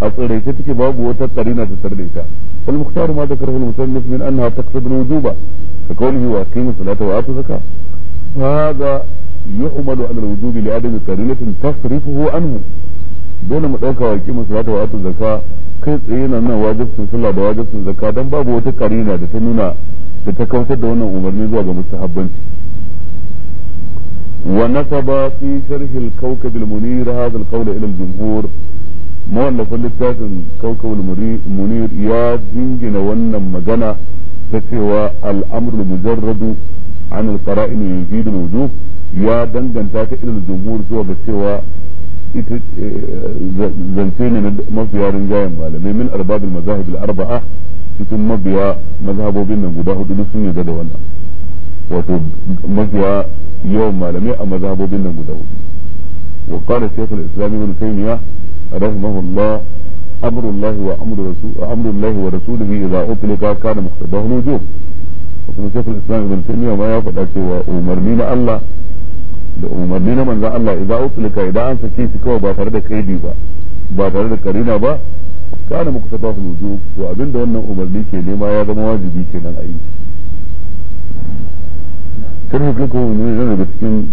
a tsare ta take babu wata karina ta tsare ta al mukhtar ma da al musannif min annaha taqtad al wujuba ka qawlihi wa aqimu salata wa atu zakata ala al wujubi li adami karinatin tasrifuhu anhu dole mu ɗauka wa kima salata wa atu zaka kai tsaye nan nan wajibin sallah da wajibin zaka dan babu wata karina da ta nuna da ta kautar da wannan umarni zuwa ga mustahabbanci ونصب في شرح الكوكب المنير هذا القول الى الجمهور مؤلف لتاس كوكب المنير يا دينجن ون مجنى فسوى الامر المجرد عن القرائن يزيد الوجوب يا دنجن تاس الى الجمهور سوى فسوى زنتين مفيا رنجايا من ارباب المذاهب الاربعه في مبيا مذهب بين غداه دلسون يزيد ونعم wato mafiya yawan malamai a mazhabobin nan guda hudu wa qala shaykh al-islam ibn taymiyyah rahimahullah amru Allah wa amru rasul amru Allah wa rasuluhu idza utliqa kana muqtadahu nujum kuma shaykh al-islam ibn taymiyyah ma ya faɗa cewa umarni na Allah da umarni na manzon Allah idza utliqa idan an sake shi kawai ba tare da kaidi ba ba tare da karina ba kana muqtadahu nujum to abinda wannan umarni ke nema ya zama wajibi kenan a yi ka ko ne yana daga cikin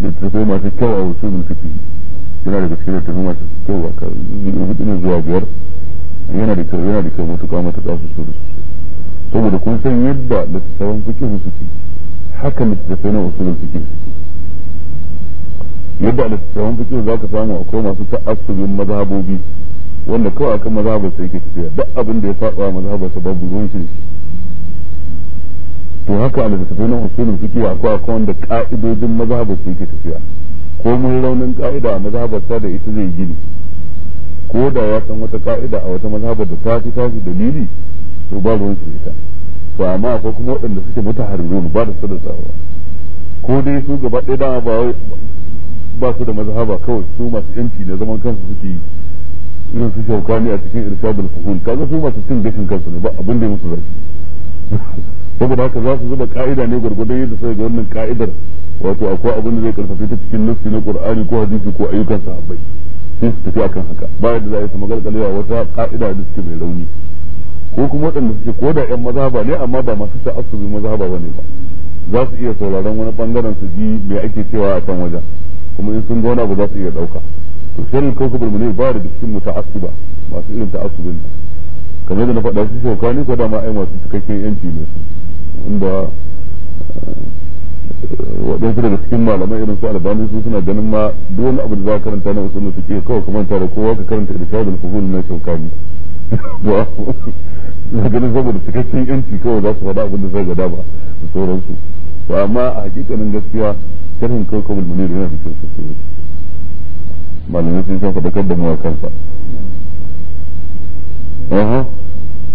littattafai masu kyau a wasu mulkiki yana daga cikin littattafai masu kyau a hudu ne zuwa biyar yana da kyau yana da kyau matuƙa matuƙa su su saboda kun san yadda littattafan su suke haka littattafai na usulul fiqh yadda a littattafan fiqh za ka samu akwai masu ta'assubin mazhabobi wanda kawai akan mazhabar sai ke tafiya duk abin da ya faɗa mazhabar sa babu ruwan shi to haka a littattafai na usulun wa akwai akwai wanda ka'idojin mazhabar su yake tafiya ko mun raunin ka'ida a mazhabar ta da ita zai gini ko da ya san wata ka'ida a wata mazhabar da ta fi tashi dalili to ba ruwan su ita to amma akwai kuma waɗanda suke mutaharrirun ba da su da tsawa ko dai su gaba ɗaya dama ba ba su da mazhaba kawai su masu yanci da zaman kansu suke yi irin su ne a cikin irshadul fuhun kaga su masu cin gashin kansu ne ba abin da ya musu zafi saboda haka za su zuba ka'ida ne gwargwadon yadda sai ga wannan ka'idar wato akwai abin da zai karfafe ta cikin nufi na qur'ani ko hadisi ko ayyukan sahabbai sai su tafi akan haka ba yadda za a yi su magalgalewa wata ka'ida da suke mai rauni ko kuma waɗanda suke ko da yan mazhaba ne amma ba masu ta'assubi mazhaba bane ba za su iya sauraron wani bangaren su ji me ake cewa a kan wajen kuma in sun gona ba za su iya ɗauka to shirin kawkubul mu ne ba da cikin mu ta'assuba masu irin ta'assubin kamar da na faɗa su shauka ne ko da ma cikakken yanci ne su inda eh, waɗansu daga cikin malamai irin su albani su suna ganin ma duk wani abu da za ka karanta na usulun fiqh kawai ka manta da kowa ka karanta da irshadul fuhul na shaukani ba ganin saboda cikakken yanci kawai za su faɗa abin da zai ga dama da sauransu to amma a hakikanin gaskiya sharhin kai kawai munir yana da kyau sosai malamai sun san faɗakar da mu a kansa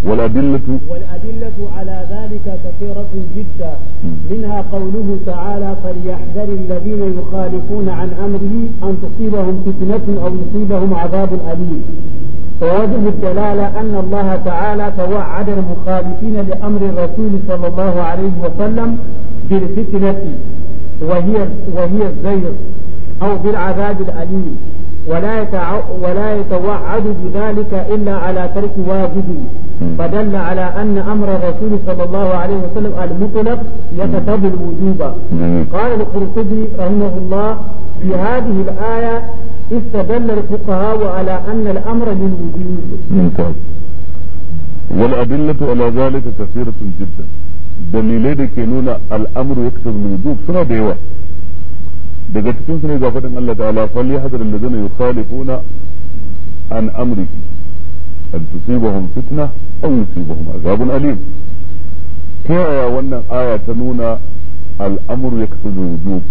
والأدلة والأدلة على ذلك كثيرة جدا منها قوله تعالى فليحذر الذين يخالفون عن أمره أن تصيبهم فتنة أو يصيبهم عذاب أليم فوجه الدلالة أن الله تعالى توعد المخالفين لأمر الرسول صلى الله عليه وسلم بالفتنة وهي وهي الزيغ أو بالعذاب الأليم ولا ولا يتوعد بذلك الا على ترك واجبه فدل على ان امر الرسول صلى الله عليه وسلم المطلق يقتضي الوجوب نعم. قال القرطبي رحمه الله في هذه الايه استدل الفقهاء على ان الامر للوجوب. ممتاز. والادله على ذلك كثيره جدا. دليلين كي نونا الامر يكتب الوجوب سنه ديوه. daga cikin su ne ga faɗin Allah ta'ala falli hadarin da zana yukhalifuna an amri an tusibahum fitna aw yusibahum azabun alim ta yaya wannan aya ta nuna al'amuru ya kasu wujub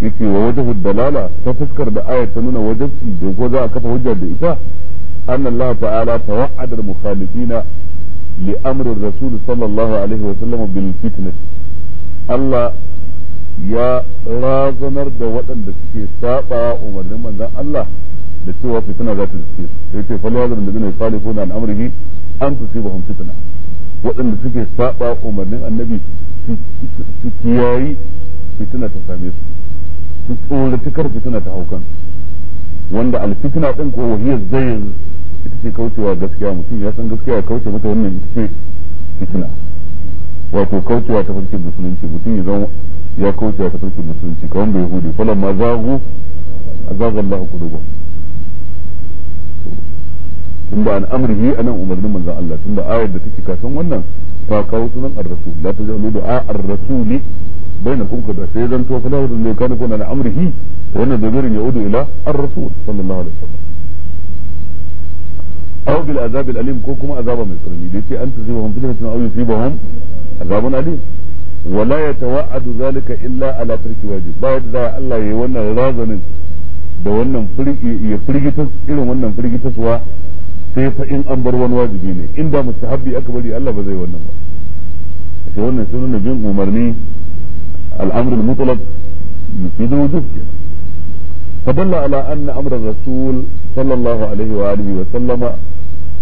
yace wa wajhu dalala ta fuskar da aya ta nuna wajibci da ko za a kafa hujja da ita أن الله تعالى توعد المخالفين لأمر الرسول صلى الله عليه وسلم بالفتنة الله ya razanar da waɗanda suke saba umarnin manzon Allah da cewa fitina za ta riske su yace fa la yazun na yukhalifuna an amrihi an tusibahum fitina waɗanda suke saba umarnin annabi su kiyayi fitina ta same su su tsoratukar fitina ta haukan wanda alfitina ɗin ko wahiyar zai ita ce kaucewa gaskiya mutum ya san gaskiya ya kauce mata wannan ita ce fitina wato kaucewa ta farkin musulunci mutum ya zama ya kauce ta farkin musulunci kawan bai hudu falan ma zagu azaga Allah qulubuhum tunda an amrihi anan umarnin manzon Allah tunda ayar da take kafin wannan ta kawo sunan ar-rasul la tajalu du'a ar-rasuli bainakum kada sai zan to fa da ne kana kuna na amrihi wannan damirin ya udu ila ar-rasul sallallahu alaihi wasallam aw bil azab al-alim ko kuma azaba mai tsanani dai sai an tuzibuhum fitnatun aw yusibahum azabun alim wala ya tawa'adu zalika illa ala tarki wajib ba yadda za Allah yayi wannan razanin da wannan ya firgita irin wannan firgita suwa sai fa in an bar wani wajibi ne inda mustahabbi aka bari Allah ba zai wannan ba sai wannan sun nuna bin umarni al-amr al-mutlaq yufidu wujub فدل على أن أمر الرسول صلى الله عليه وآله وسلم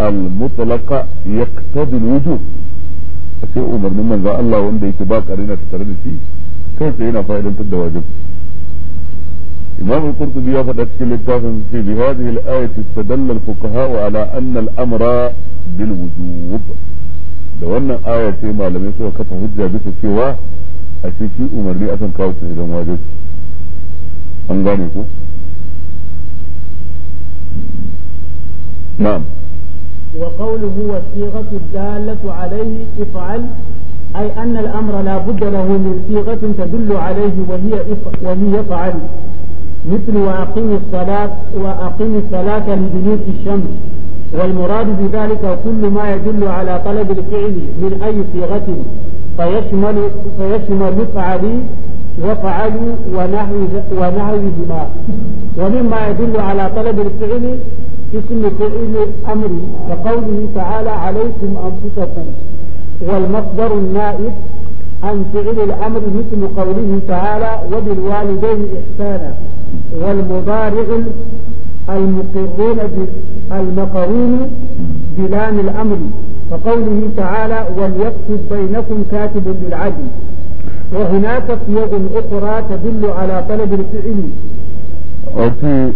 المطلق يقتضي الوجوب sai umarnin manzo Allah wanda yake ba karina ta tare da shi kai kansa yana fa'idantar da wajibi imam al-qurtubi ya faɗa cikin littafin sai bi hadhihi al-ayati istadalla al-fuqaha ala anna al-amra bil wujub da wannan aya ce malamai suka kafa hujja bisa cewa a shi umarni akan kawo shi idan wajibi an gane ko na'am وقوله والصيغة الدالة عليه افعل أي أن الأمر لا بد له من صيغة تدل عليه وهي وهي افعل مثل وأقم الصلاة وأقم الصلاة لدنيس الشمس والمراد بذلك كل ما يدل على طلب الفعل من أي صيغة فيشمل فيشمل افعلي وفعلوا ونحوهما ونحو ومما يدل على طلب الفعل اسم فعل أمر كقوله تعالى عليكم أنفسكم والمصدر النائب عن فعل الأمر مثل قوله تعالى وبالوالدين إحسانا والمضارع المقرون المقرون بلام الأمر كقوله تعالى وليكتب بينكم كاتب بالعدل وهناك صيغ أخرى تدل على طلب الفعل وفي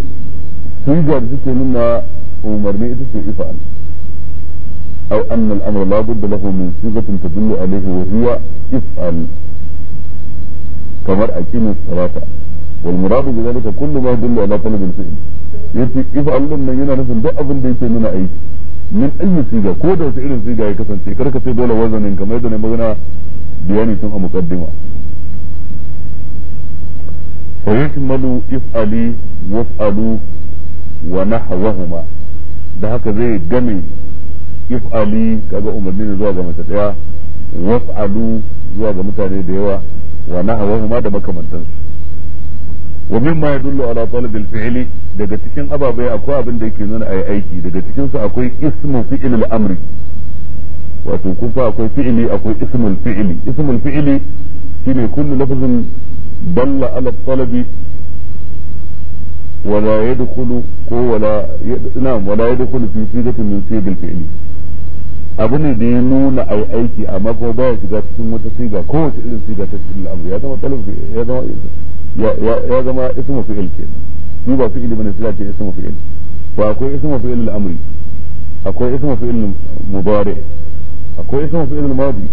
في جاب مما ومرمية في إفعل أو أن الأمر لا بد له من صيغة تدل عليه وهي إفعل كما أكيم الصلاة والمراد بذلك كل ما يدل على طلب الفعل يأتي إفعل لما ينال في الدعب اللي من أي من أي صيغة كودة سعيد صيغة يكسن في كركة دولة وزن كما يدن مغنى بياني ثم مقدمة فيكمل إفعلي وفعلوا wa nahwahuma da haka zai game if'ali kaga umarni ne zuwa ga mace daya waf'alu zuwa ga mutane da yawa wa nahwahuma da makamantansu wa mimma yadullu ala talab al daga cikin ababai akwai abin da yake nuna ayi aiki daga cikin su akwai ismu fi'l al-amri wato kun fa akwai fi'li akwai ismul fi'li ismul fi'li shine kullu lafzin dalla ala talabi ولا يدخل ولا نعم ولا يدخل في صيغة من صيغ الفعل abu ne da ya nuna aiki amma kuma baya shiga cikin wata siga kowace irin siga ta cikin al'amur ya zama talab ya zama ya zama ismu fi'il ke shi ba fi'il bane sai ce ismu fi'il to akwai ismu fi'il al'amri akwai ismu fi'il mudari akwai ismu fi'il madi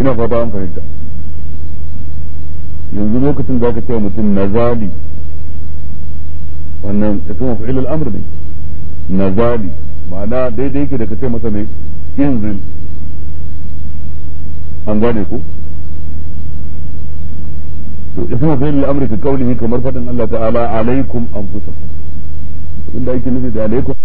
ina fata an fahimta yanzu lokacin da aka ce mutum nazali wannan ismu maf'il al-amr ne nazali ma'ana daidai yake da kace masa ne inzil an gane ku to ismu maf'il al-amr ka kaulihi kamar fadin Allah ta'ala alaikum anfusakum inda yake nufi da alaikum